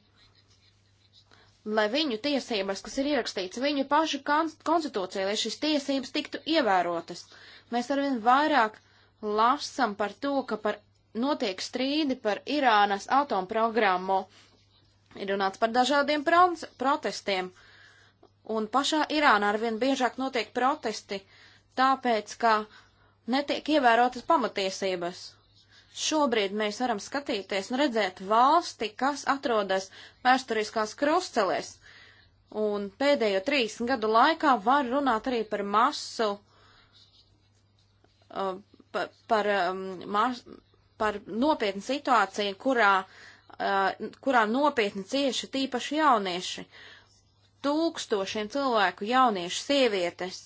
[SPEAKER 3] lai viņu tiesības, kas ir ierakstīts viņu pašu konstitūcijā, lai šīs tiesības tiktu ievērotas. Mēs arvien vairāk lasam par to, ka par notiek strīdi par Irānas atomprogrammu. Ir runāts par dažādiem protestiem, un pašā Irānā arvien biežāk notiek protesti, tāpēc, ka uh, netiek ievērotas pamatiesības. Šobrīd mēs varam skatīties un redzēt valsti, kas atrodas vēsturiskās krustcelēs, un pēdējo trīs gadu laikā var runāt arī par masu, uh, pa, par, um, mas, par nopietnu situāciju, kurā, uh, kurā nopietni cieši tīpaši jaunieši. Tūkstošiem cilvēku jauniešu sievietes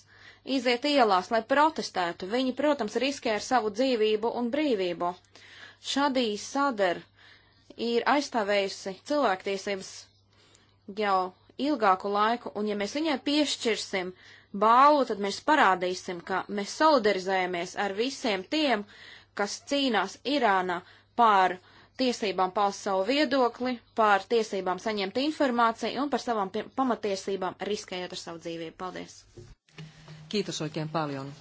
[SPEAKER 3] iziet ielās, lai protestētu. Viņi, protams, riskē ar savu dzīvību un brīvību. Šādī Sader ir aizstāvējusi cilvēktiesības jau ilgāku laiku, un ja mēs viņai piešķirsim balvu, tad mēs parādīsim, ka mēs solidarizējamies ar visiem tiem, kas cīnās Irānā pār tiesībām paust savu viedokli, pār tiesībām saņemt informāciju un par savām pamatiesībām riskējot ar savu dzīvību. Paldies! Kiitos oikein paljon.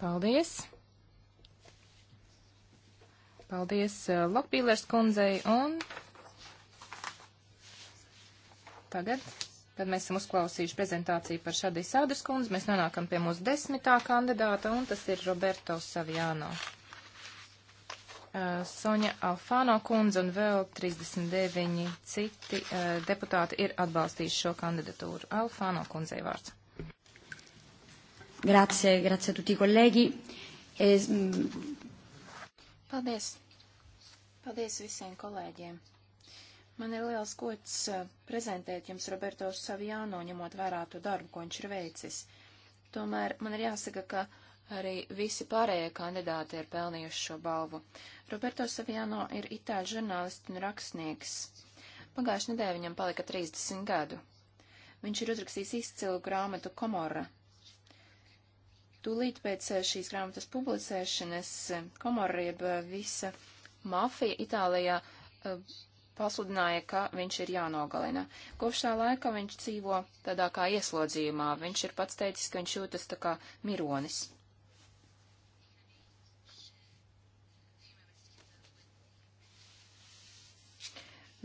[SPEAKER 2] Paldies. Paldies eh, Lapīlers kundzei un tagad, kad mēs esam uzklausījuši prezentāciju par Šadī Sādas kundzi, mēs nonākam pie mūsu desmitā kandidāta un tas ir Roberto Saviano. Eh, Soņa Alfāno kundze un vēl 39 citi uh, deputāti ir atbalstījuši šo kandidatūru. Alfāno kundzei vārds.
[SPEAKER 3] Grazie, grazie a tutti i kolēģi.
[SPEAKER 2] Es... Mm,
[SPEAKER 1] Paldies. Paldies visiem kolēģiem. Man ir liels gods eh, prezentēt jums Roberto Saviano, ņemot vērā to darbu, ko viņš ir veicis. Tomēr man ir jāsaka, ka arī visi pārējie kandidāti ir pelnījuši šo balvu. Roberto Saviano ir itāļu žurnālists un rakstnieks. Pagājušajā nedēļā viņam palika 30 gadu. Viņš ir uzrakstījis izcilu grāmatu Komora, Tūlīt pēc eh, šīs grāmatas publicēšanas eh, Komorrieb eh, visa mafija Itālijā pasludināja, ka viņš ir jānogalina. Kopš tā laika viņš dzīvo tādā kā ieslodzījumā. Viņš ir pats teicis, ka viņš jūtas tā kā mironis.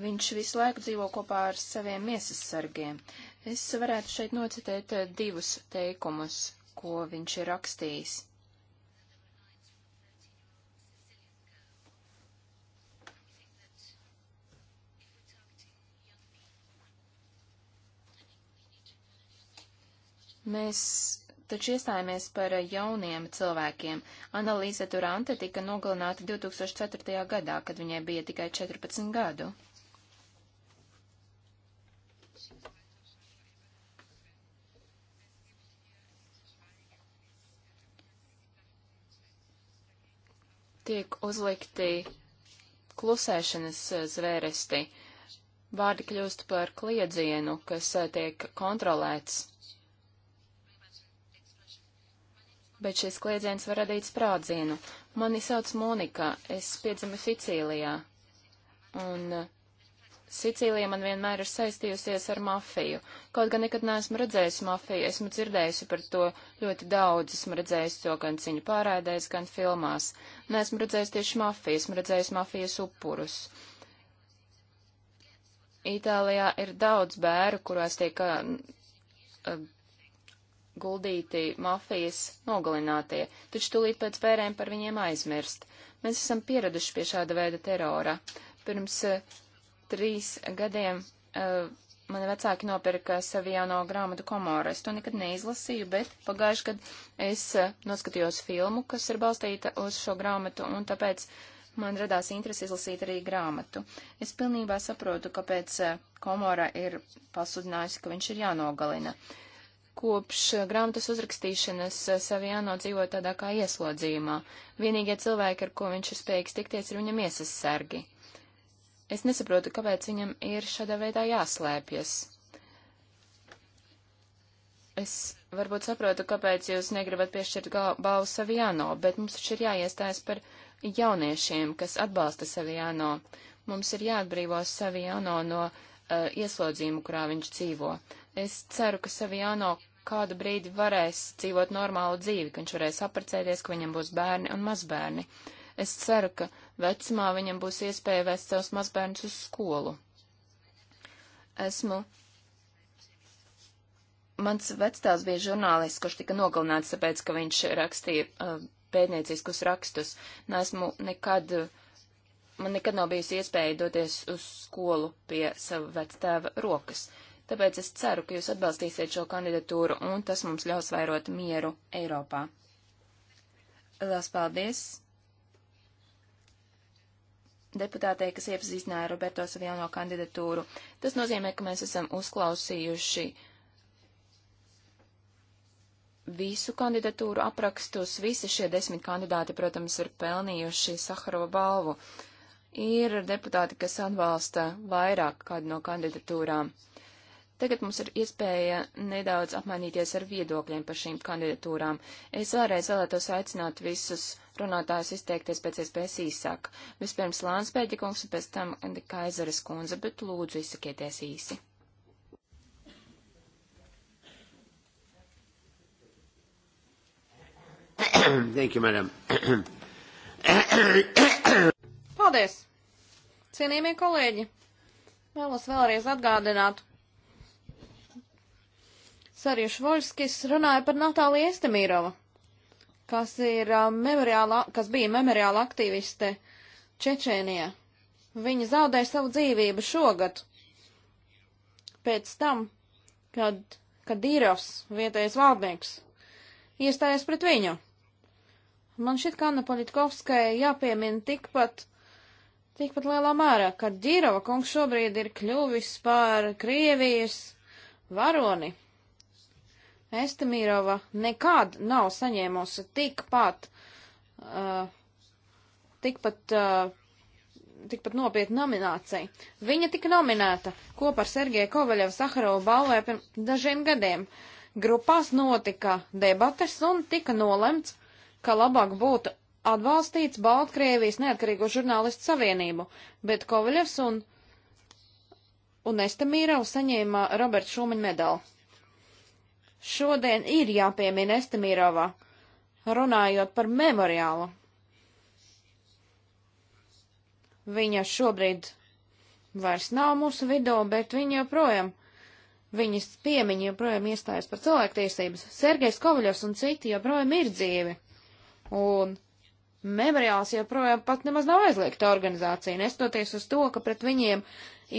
[SPEAKER 1] Viņš visu laiku dzīvo kopā ar saviem miesas sargiem. Es varētu šeit nocitēt divus teikumus ko viņš ir rakstījis. Mēs taču iestājāmies par jauniem cilvēkiem. Analīze Durante tika nogalināta 2004. gadā, kad viņai bija tikai 14 gadu. tiek uzlikti klusēšanas eh, zvēresti. Vārdi kļūst par kliedzienu, kas eh, tiek kontrolēts. Bet šis kliedziens var radīt sprādzienu. Mani sauc Monika, es piedzimu Sicīlijā. Un uh, Sicīlija man vienmēr ir saistījusies ar mafiju. Kaut gan nekad neesmu redzējusi mafiju, esmu dzirdējusi par to ļoti daudz, esmu redzējusi to gan ciņu pārēdēs, gan filmās. Neesmu redzējusi tieši mafiju, esmu redzējusi mafijas upurus. Itālijā ir daudz bēru, kurās tiek uh, guldīti mafijas nogalinātie, taču tūlīt pēc bērēm par viņiem aizmirst. Mēs esam pieraduši pie šāda veida terora. Pirms uh, trīs gadiem uh, mani vecāki nopirka sev jauno grāmatu komoru. Es to nekad neizlasīju, bet pagājuši gadu es uh, noskatījos filmu, kas ir balstīta uz šo grāmatu, un tāpēc man radās interesi izlasīt arī grāmatu. Es pilnībā saprotu, kāpēc uh, komora ir pasludinājusi, ka viņš ir jānogalina. Kopš grāmatas uzrakstīšanas Savijāno dzīvo tādā kā ieslodzījumā. Vienīgie cilvēki, ar ko viņš ir spējīgs tikties, ir viņam iesas sergi. Es nesaprotu, kāpēc viņam ir šādā veidā jāslēpjas. Es varbūt saprotu, kāpēc jūs negribat piešķirt balvu Savijāno, bet mums taču ir jāiestājas par jauniešiem, kas atbalsta Savijāno. Mums ir jāatbrīvo Savijāno no uh, eh, ieslodzījumu, kurā viņš dzīvo. Es ceru, ka Savijāno kādu brīdi varēs dzīvot normālu dzīvi, ka viņš varēs apprecēties, ka viņam būs bērni un mazbērni. Uh, Es ceru, ka vecumā viņam būs iespēja vēst savus mazbērnus uz skolu. Esmu. Mans vectās bija žurnālists, kurš tika nogalināts, tāpēc, ka viņš rakstīja uh, pētnieciskus rakstus. Nesmu nekad, man nekad nav bijusi iespēja doties uz skolu pie sava vectēva rokas. Tāpēc es ceru, ka jūs atbalstīsiet šo kandidatūru un tas mums ļaus vairot mieru Eiropā. Lielas paldies! deputātei, kas iepazīstināja Roberto Saviano kandidatūru. Tas nozīmē, ka mēs esam uzklausījuši visu kandidatūru aprakstus. Visi šie desmit kandidāti, protams, ir pelnījuši Saharova balvu. Ir deputāti, kas atbalsta vairāk kādu no kandidatūrām. Tagad mums ir iespēja nedaudz apmainīties ar viedokļiem par šīm kandidatūrām. Es vēlreiz vēlētos aicināt visus runātājus izteikties pēc iespējas īsāk. Vispirms Lānsbēģa kungs un pēc tam Kaizeres kundze, bet lūdzu izsakieties īsi.
[SPEAKER 2] Thank
[SPEAKER 3] you, madam. Paldies! Cienījamie kolēģi, vēlos vēlreiz atgādināt. Sarjuš Voļskis runāja par Natāliju Estemīrovu kas, ir, memoriāla, kas bija memoriāla aktīviste Čečēnijā. Viņa zaudēja savu dzīvību šogad. Pēc tam, kad, kad Dīrovs, vietējais valdnieks, iestājās pret viņu. Man šķiet, ka Anna Politkovskai jāpiemina tikpat, tikpat lielā mērā, ka Dīrova kungs šobrīd ir kļuvis par Krievijas varoni. Estamīrova nekad nav saņēmusi tikpat, uh, tikpat, uh, tikpat nopietnu nomināciju. Viņa tika nominēta kopā ar Sergeju Kovaļevu Saharovu balvē pirms dažiem gadiem. Grupās notika debates un tika nolemts, ka labāk būtu atbalstīts Baltkrievijas neatkarīgo žurnālistu savienību, bet Kovaļevs un, un Estamīrova saņēma Roberta Šūmaņa medalu šodien ir jāpiemina Estemirova, runājot par memoriālu. Viņa šobrīd vairs nav mūsu vidū, bet viņa joprojām, viņas piemiņa joprojām iestājas par cilvēktiesības. Sergejs Kovaļos un citi joprojām ir dzīvi. Un memoriāls joprojām pat nemaz nav aizliegta organizācija, nestoties uz to, ka pret viņiem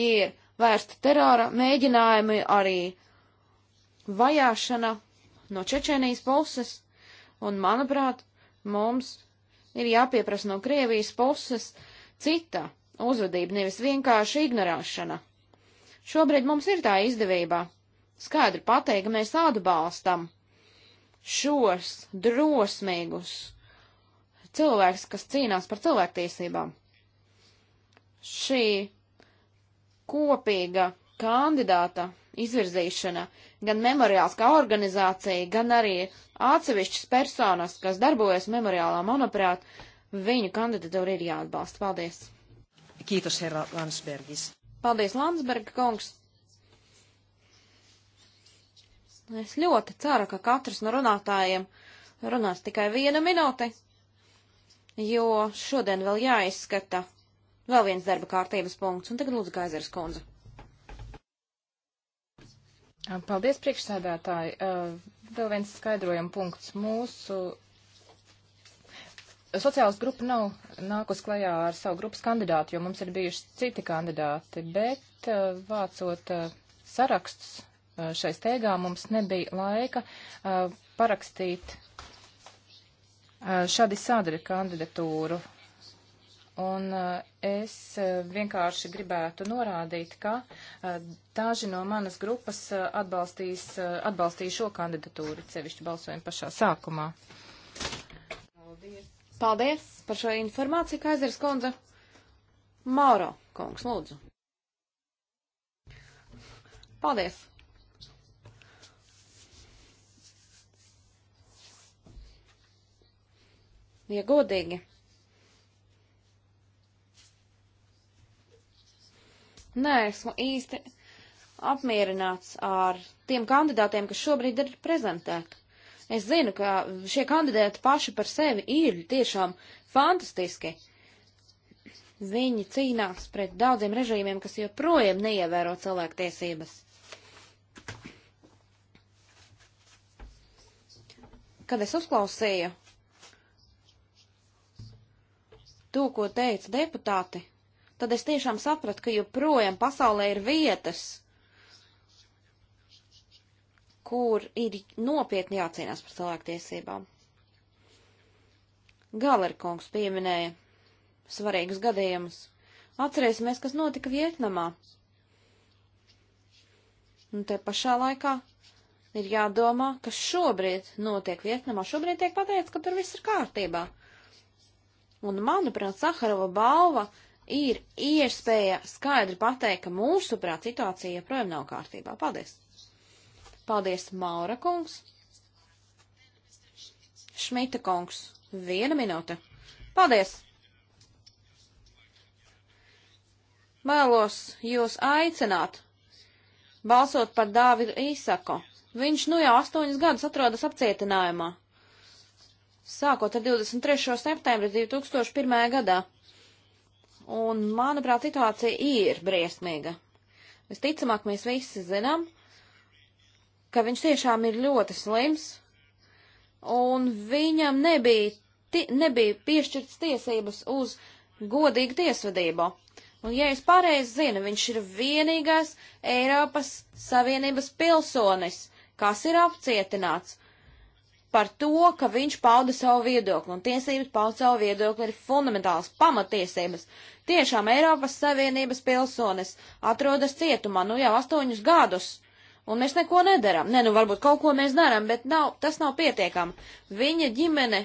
[SPEAKER 3] ir vērsta terora mēģinājumi arī uh, vajāšana no Čečēnijas puses, un, manuprāt, mums ir jāpieprasa no Krievijas puses cita uzvedība, nevis vienkārši ignorēšana. Šobrīd mums ir tā izdevība skaidri pateikt, ka mēs atbalstam šos drosmīgus cilvēkus, kas cīnās par cilvēktiesībām. Šī kopīga kandidāta izvirzīšana gan memoriāls kā organizācija, gan arī atsevišķas personas, kas darbojas memoriālā, manuprāt, viņu kandidatūra ir jāatbalsta. Paldies! Kītos, herra Landsbergis. Paldies, Landsberga kungs! Es ļoti ceru, ka katrs no runātājiem runās tikai viena minūte, jo šodien vēl jāizskata vēl viens darba kārtības punkts, un tagad lūdzu Gaizers kundze.
[SPEAKER 2] Paldies, priekšsēdētāji. Vēl viens skaidrojuma punkts. Mūsu sociālistu grupa nav nākus klajā ar savu grupas kandidātu, jo mums ir bijuši citi kandidāti, bet vācot sarakstus šai steigā mums nebija laika parakstīt Šadi Sadri kandidatūru Un eh, es eh, vienkārši gribētu norādīt, ka eh, daži no manas grupas atbalstīs, atbalstīs šo kandidatūru, sevišķi balsojumu pašā sākumā. Paldies.
[SPEAKER 3] Paldies par šo informāciju, Kaizers Kondze. Mauro Kungs, lūdzu. Paldies. Ja godīgi neesmu īsti apmierināts ar tiem kandidātiem, kas šobrīd ir prezentēti. Es zinu, ka šie kandidāti paši par sevi ir tiešām fantastiski. Viņi cīnās pret daudziem režīmiem, kas joprojām neievēro cilvēktiesības. Kad es uzklausīju to, ko teica deputāti, tad es tiešām sapratu, ka joprojām pasaulē ir vietas, kur ir nopietni jācīnās par cilvēktiesībām. Galerkungs pieminēja svarīgus gadījumus. Atcerēsimies, kas notika Vietnamā. Un te pašā laikā ir jādomā, kas šobrīd notiek Vietnamā. Šobrīd tiek pateikts, ka tur viss ir kārtībā. Un, manuprāt, Saharova balva ir iespēja skaidri pateikt, ka mūsuprāt situācija joprojām nav kārtībā. Paldies! Paldies, Maura kungs! Šmita kungs, viena minūte. Paldies! Vēlos jūs aicināt balsot par Dāvidu Īsako. Viņš nu jau astoņas gadus atrodas apcietinājumā. Sākot ar 23. septembri 2001. gadā. Un, manuprāt, situācija ir briesmīga. Visticamāk, mēs visi zinām, ka viņš tiešām ir ļoti slims, un viņam nebija, ti, nebija piešķirts tiesības uz godīgu tiesvedību. Un, ja es pareizi zinu, viņš ir vienīgais Eiropas Savienības pilsonis, kas ir apcietināts, par to, ka viņš pauda savu viedokli, un tiesības paust savu viedokli ir fundamentāls pamatiesības. Tiešām Eiropas Savienības pilsonis atrodas cietumā, nu jau astoņus gadus, un mēs neko nedaram. Nē, ne, nu varbūt kaut ko mēs daram, bet nav, tas nav pietiekami. Viņa ģimene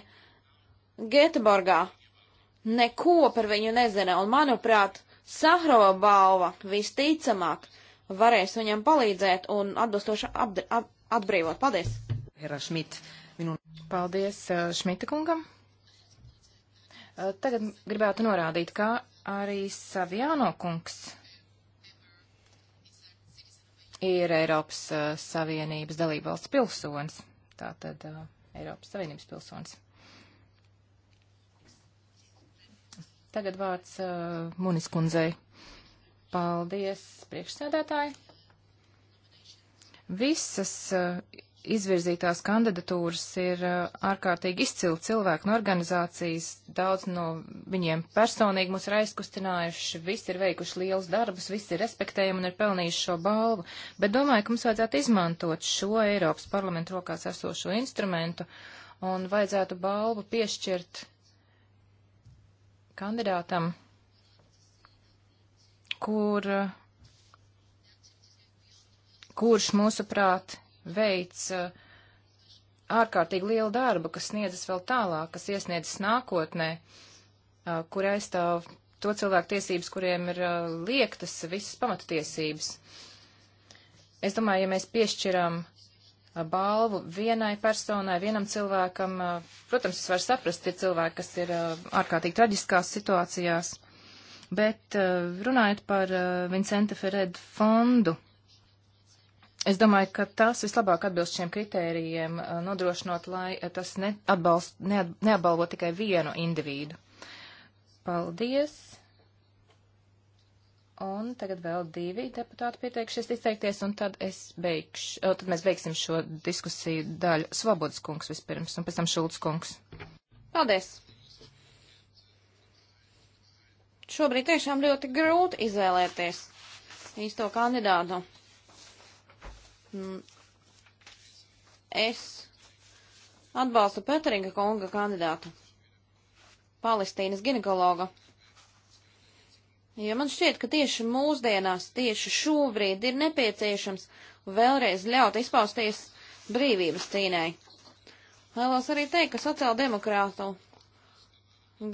[SPEAKER 3] Geteborgā neko par viņu nezina, un manuprāt, Sahrova balva visticamāk varēs viņam palīdzēt un atbilstoši atbrīvot. Paldies!
[SPEAKER 2] Herr Schmidt minūte. Paldies uh, Šmita kungam. Uh, tagad gribētu norādīt, ka arī Savjāno kungs ir Eiropas uh, Savienības dalībvalsts pilsonis. Tātad Eiropas Savienības pilsonis. Tagad vārds Munis kundzei. Paldies, priekšsēdētāji. Visas izvirzītās kandidatūras ir uh, ārkārtīgi izcili cilvēki no organizācijas. Daudz no viņiem personīgi mūs ir aizkustinājuši, visi ir veikuši liels darbus, visi ir respektējami un ir pelnījuši šo balvu. Bet domāju, ka mums vajadzētu izmantot šo Eiropas parlamentu rokās esošo instrumentu un vajadzētu balvu piešķirt kandidātam, kur uh, kurš, mūsuprāt, veids uh, ārkārtīgi lielu darbu, kas sniedzas vēl tālāk, kas iesniedzas nākotnē, uh, kur aizstāv to cilvēku tiesības, kuriem ir uh, liektas visas pamatotiesības. Es domāju, ja mēs piešķiram balvu vienai personai, vienam cilvēkam. Protams, es varu saprast, ir cilvēki, kas ir ārkārtīgi traģiskās situācijās. Bet runājot par Vincenta Fereda fondu, Es domāju, ka tas vislabāk atbilst šiem kritērijiem, eh, nodrošinot, lai eh, tas ne atbalst, neat, neapbalvo tikai vienu individu. Paldies! Un tagad vēl divi deputāti pieteikšies izteikties, un tad, beigš, o, eh, tad mēs beigsim šo diskusiju daļu. Svobodas kungs vispirms, un pēc tam Šulc kungs.
[SPEAKER 3] Paldies! Šobrīd tiešām ļoti grūti izvēlēties īsto kandidātu. Es atbalstu Petringa kunga kandidātu, Palestīnas ginekologa. Jo man šķiet, ka tieši mūsdienās, tieši šobrīd ir nepieciešams vēlreiz ļaut izpausties brīvības cīnēji. Vēlos arī teikt, ka sociāldemokrātu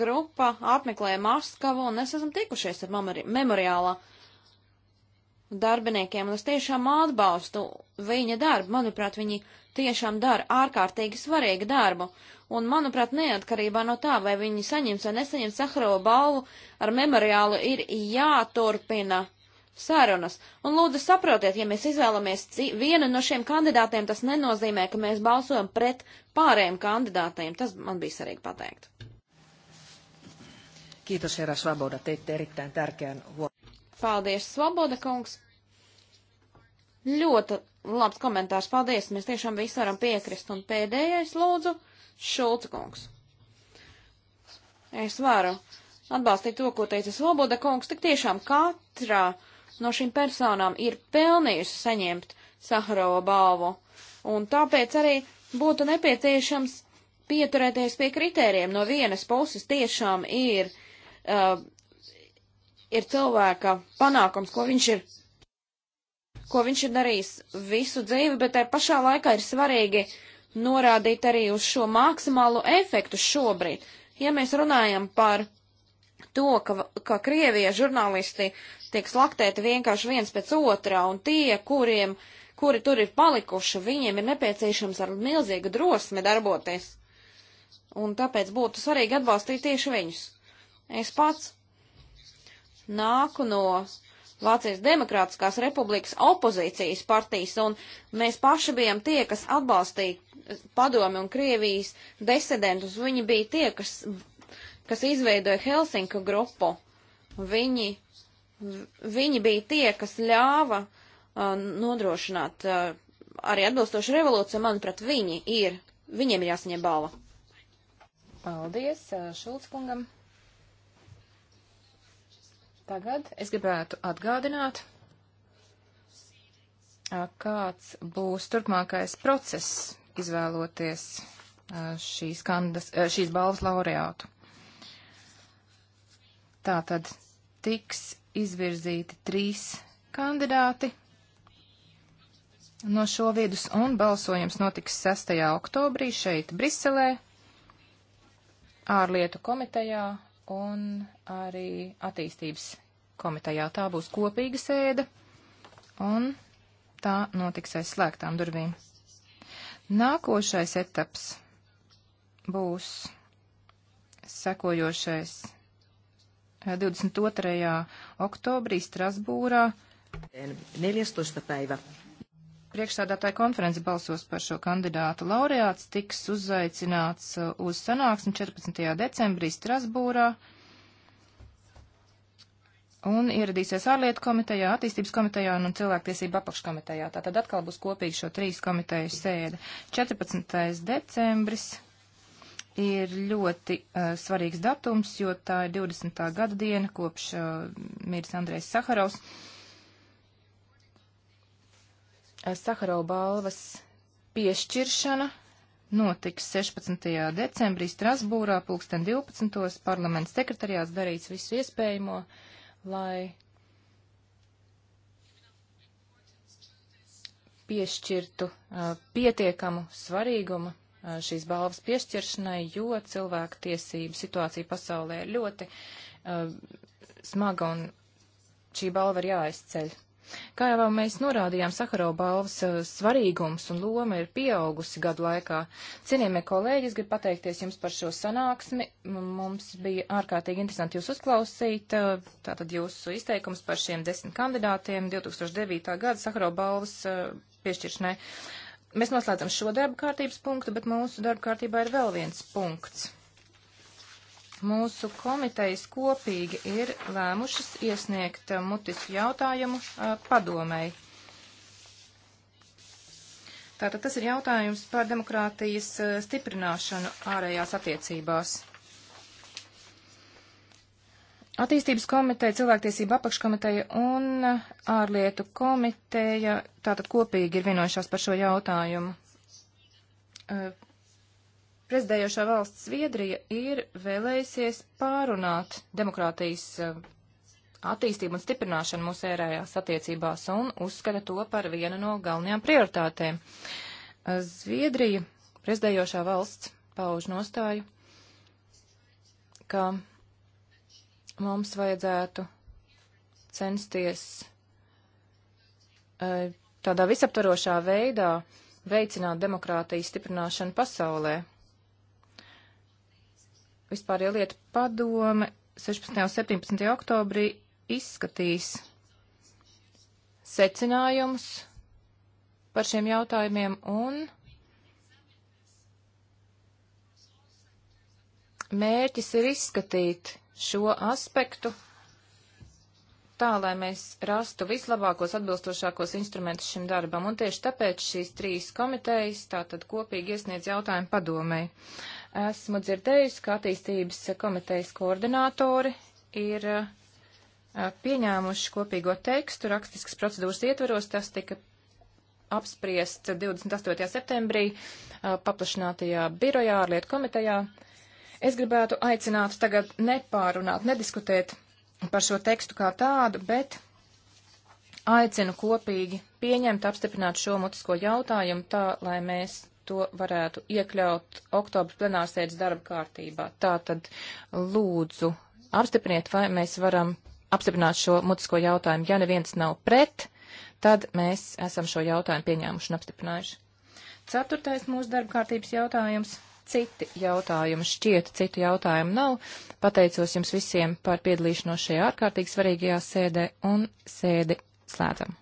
[SPEAKER 3] grupa apmeklēja Maskavu un mēs esam tikušies ar memoriālā darbiniekiem, un es tiešām atbalstu viņa darbu. Manuprāt, viņi tiešām dara ārkārtīgi svarīgu darbu, un, manuprāt, neatkarībā no tā, vai viņi saņems vai nesaņems Sahrova balvu ar memoriālu, ir jāturpina sarunas. Un lūdzu saprotiet, ja mēs izvēlamies vienu no šiem kandidātiem, tas nenozīmē, ka mēs balsojam pret pārējiem kandidātiem. Tas man bija svarīgi pateikt. Kiitos, herra Svoboda, teitte erittäin tärkeän huomioon. Paldies, Svoboda kungs. Ļoti labs komentārs, paldies, mēs tiešām visi varam piekrist. Un pēdējais lūdzu, Šulca kungs. Es varu atbalstīt to, ko teica Svoboda kungs, tik tiešām katrā no šīm personām ir pelnījusi saņemt Saharova balvu. Un tāpēc arī būtu nepieciešams pieturēties pie kritērijiem. No vienas puses tiešām ir, uh, ir cilvēka panākums, ko viņš ir ko viņš ir darījis visu dzīvi, bet tai pašā laikā ir svarīgi norādīt arī uz šo maksimālo efektu šobrīd. Ja mēs runājam par to, ka, ka Krievija žurnālisti tiek slaktēti vienkārši viens pēc otrā, un tie, kuriem, kuri tur ir palikuši, viņiem ir nepieciešams ar milzīgu drosmi darboties. Un tāpēc būtu svarīgi atbalstīt tieši viņus. Es pats nāku no Vācijas Demokrātiskās republikas opozīcijas partijas, un mēs paši bijām tie, kas atbalstīja padomi un Krievijas desidentus. Viņi bija tie, kas, kas izveidoja Helsinku grupu. Viņi, viņi bija tie, kas ļāva uh, nodrošināt uh, arī atbilstošu revolūciju. Manuprāt, viņi ir, viņiem ir jāsaņem balva. Paldies
[SPEAKER 2] uh, Šulckungam. Tagad es gribētu atgādināt, kāds būs turpmākais process izvēloties šīs, kandas, šīs balvas laureātu. Tātad tiks izvirzīti trīs kandidāti no šo vidus, un balsojums notiks 6. oktobrī šeit, Briselē, ārlietu komitejā un arī attīstības komitejā. Tā būs kopīga sēde, un tā notiks aiz slēgtām durvīm. Nākošais etaps būs sekojošais 22. Eh, oktobrī Strasbūrā. 14. päivä priekšsādātāja konference balsos par šo kandidātu. Laureāts tiks uzaicināts uh, uz sanāksmi 14. decembrī Strasbūrā un ieradīsies ārlietu komitejā, attīstības komitejā un cilvēktiesību apakškomitejā. Tātad atkal būs kopīgi šo trīs komiteju sēde. 14. decembris ir ļoti uh, svarīgs datums, jo tā ir 20. gada diena kopš uh, miris Andrejs Saharovs. Uh, Saharau balvas piešķiršana notiks 16. decembrī Strasbūrā, pulksten 12. parlaments sekretariāts darīs visu iespējamo, lai piešķirtu uh, pietiekamu svarīgumu uh, šīs balvas piešķiršanai, jo cilvēku tiesību situācija pasaulē ir ļoti uh, smaga un šī balva ir jāaizceļ. Kā jau mēs norādījām, Sakaro balvas eh, svarīgums un loma ir pieaugusi gadu laikā. Cienījamie kolēģi, es gribu pateikties jums par šo sanāksmi. Mums bija ārkārtīgi interesanti jūs uzklausīt. Eh, tātad jūsu izteikums par šiem desmit kandidātiem 2009. gada Sakaro balvas eh, piešķiršanai. Mēs noslēdzam šo darba kārtības punktu, bet mūsu darba kārtībā ir vēl viens punkts mūsu komitejas kopīgi ir lēmušas iesniegt eh, mutisku jautājumu eh, padomei. Tātad tas ir jautājums par demokrātijas eh, stiprināšanu ārējās attiecībās. Attīstības komiteja, cilvēktiesība apakškomiteja un ārlietu komiteja tātad kopīgi ir vienojušās par šo jautājumu prezidējošā valsts Zviedrija ir vēlējusies pārunāt demokrātijas eh, attīstību un stiprināšanu mūsu ērējās attiecībās un uzskata to par vienu no galvenajām prioritātēm. Eh, Zviedrija, prezidējošā valsts, pauž nostāju, ka mums vajadzētu censties eh, tādā visaptarošā veidā veicināt demokrātijas stiprināšanu pasaulē Vispār ja lieta padome 16. un 17. oktobrī izskatīs secinājumus par šiem jautājumiem un mērķis ir izskatīt šo aspektu tā, lai mēs rastu vislabākos atbilstošākos instrumentus šim darbam, un tieši tāpēc šīs trīs komitejas tātad kopīgi iesniedz jautājumu padomēji. Esmu dzirdējusi, ka attīstības komitejas koordinātori ir eh, pieņēmuši kopīgo tekstu rakstiskas procedūras ietvaros. Tas tika apspriests 28. septembrī eh, paplašinātajā birojā, ārlietu komitejā. Es gribētu aicināt tagad nepārunāt, nediskutēt par šo tekstu kā tādu, bet aicinu kopīgi pieņemt, apstiprināt šo mutisko jautājumu tā, lai mēs to varētu iekļaut oktobra plenārsēdes darba kārtībā. Tātad lūdzu apstipriniet, vai mēs varam apstiprināt šo mutisko jautājumu. Ja neviens nav pret, tad mēs esam šo jautājumu pieņēmuši un apstiprinājuši. Ceturtais mūsu darba kārtības jautājums. Citi jautājumi šķiet, citu jautājumu nav. Pateicos jums visiem par piedalīšanos šajā ārkārtīgi svarīgajā sēdē un sēdi slēdzam.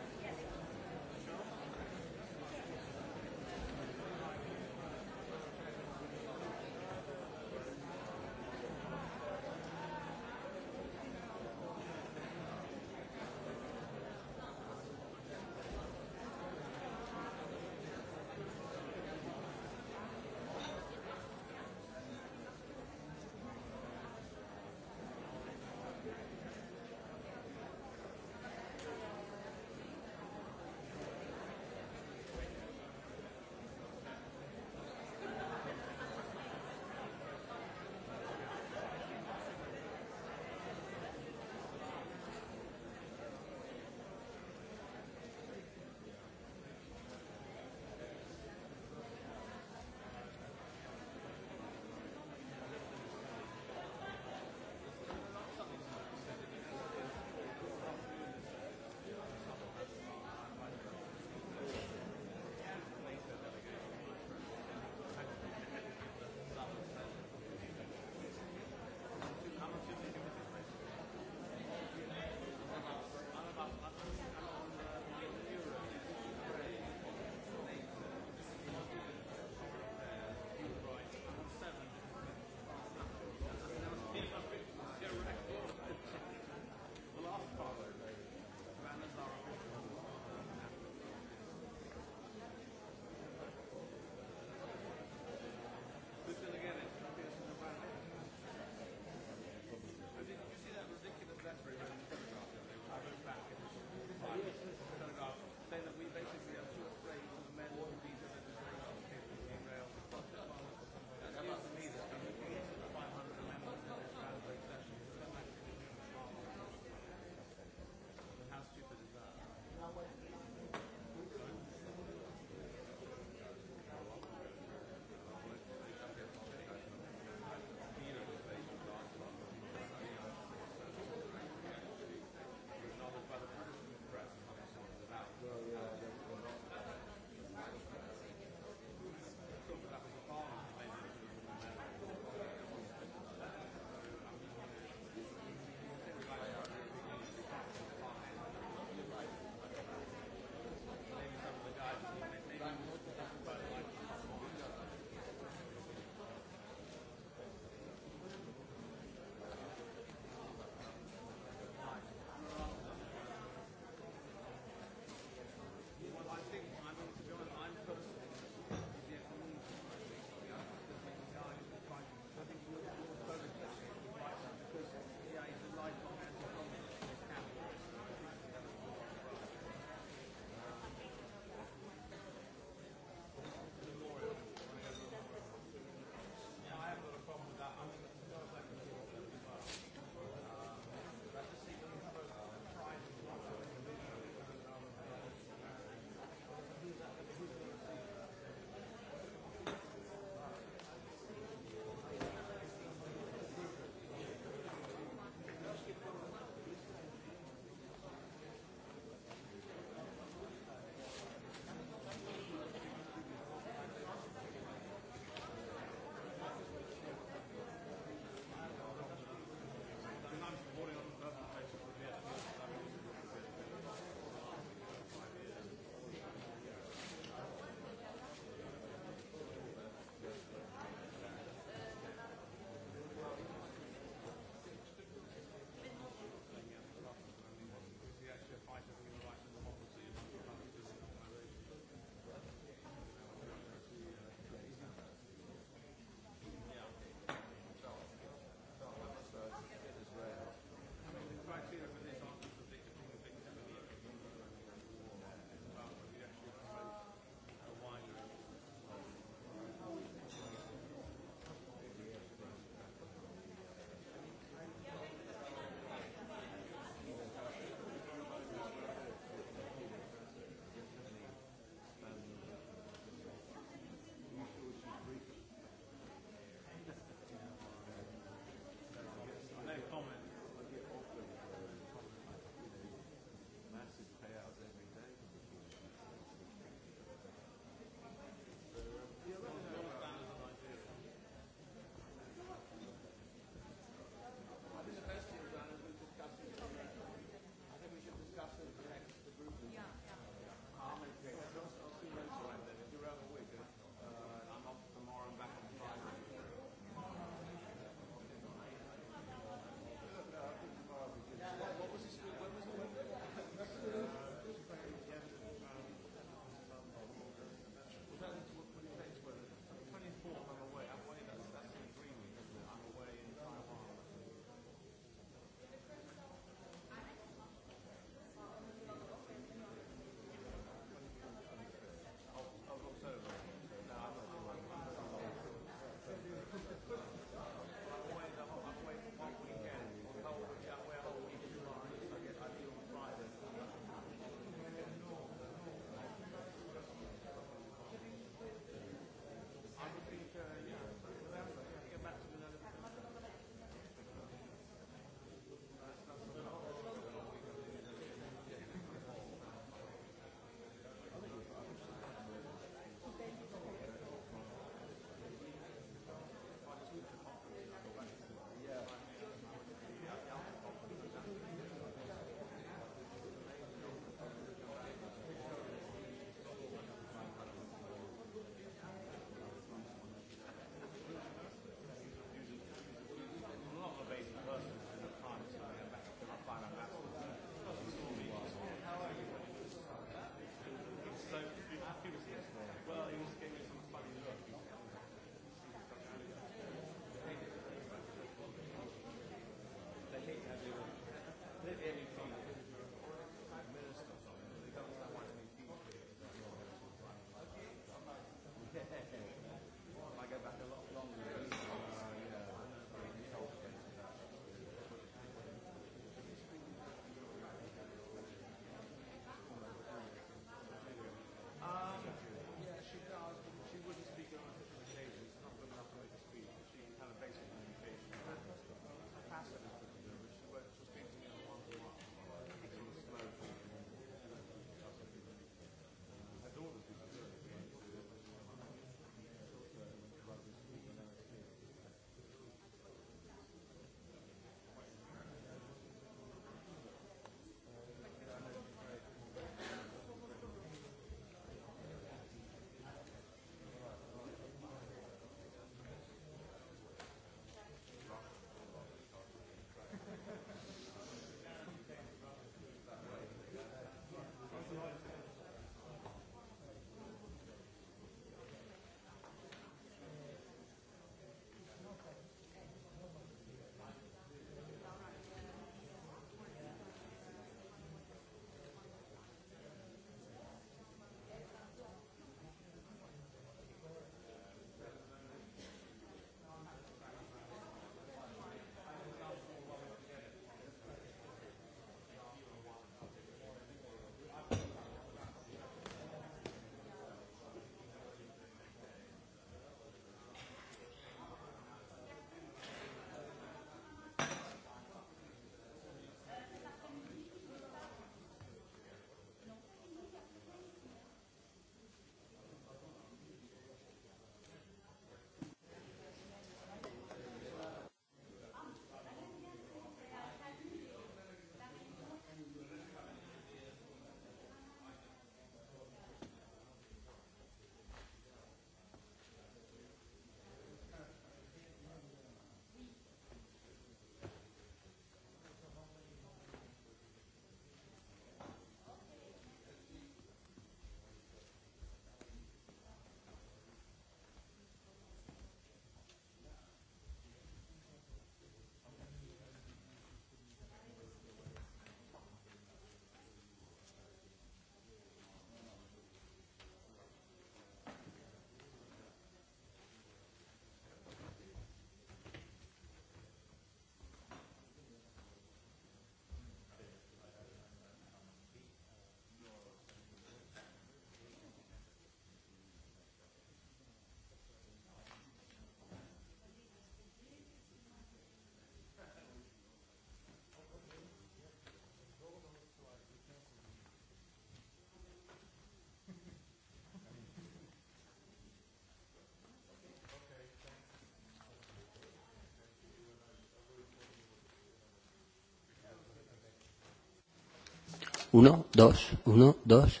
[SPEAKER 2] Uno, dos, uno, dos.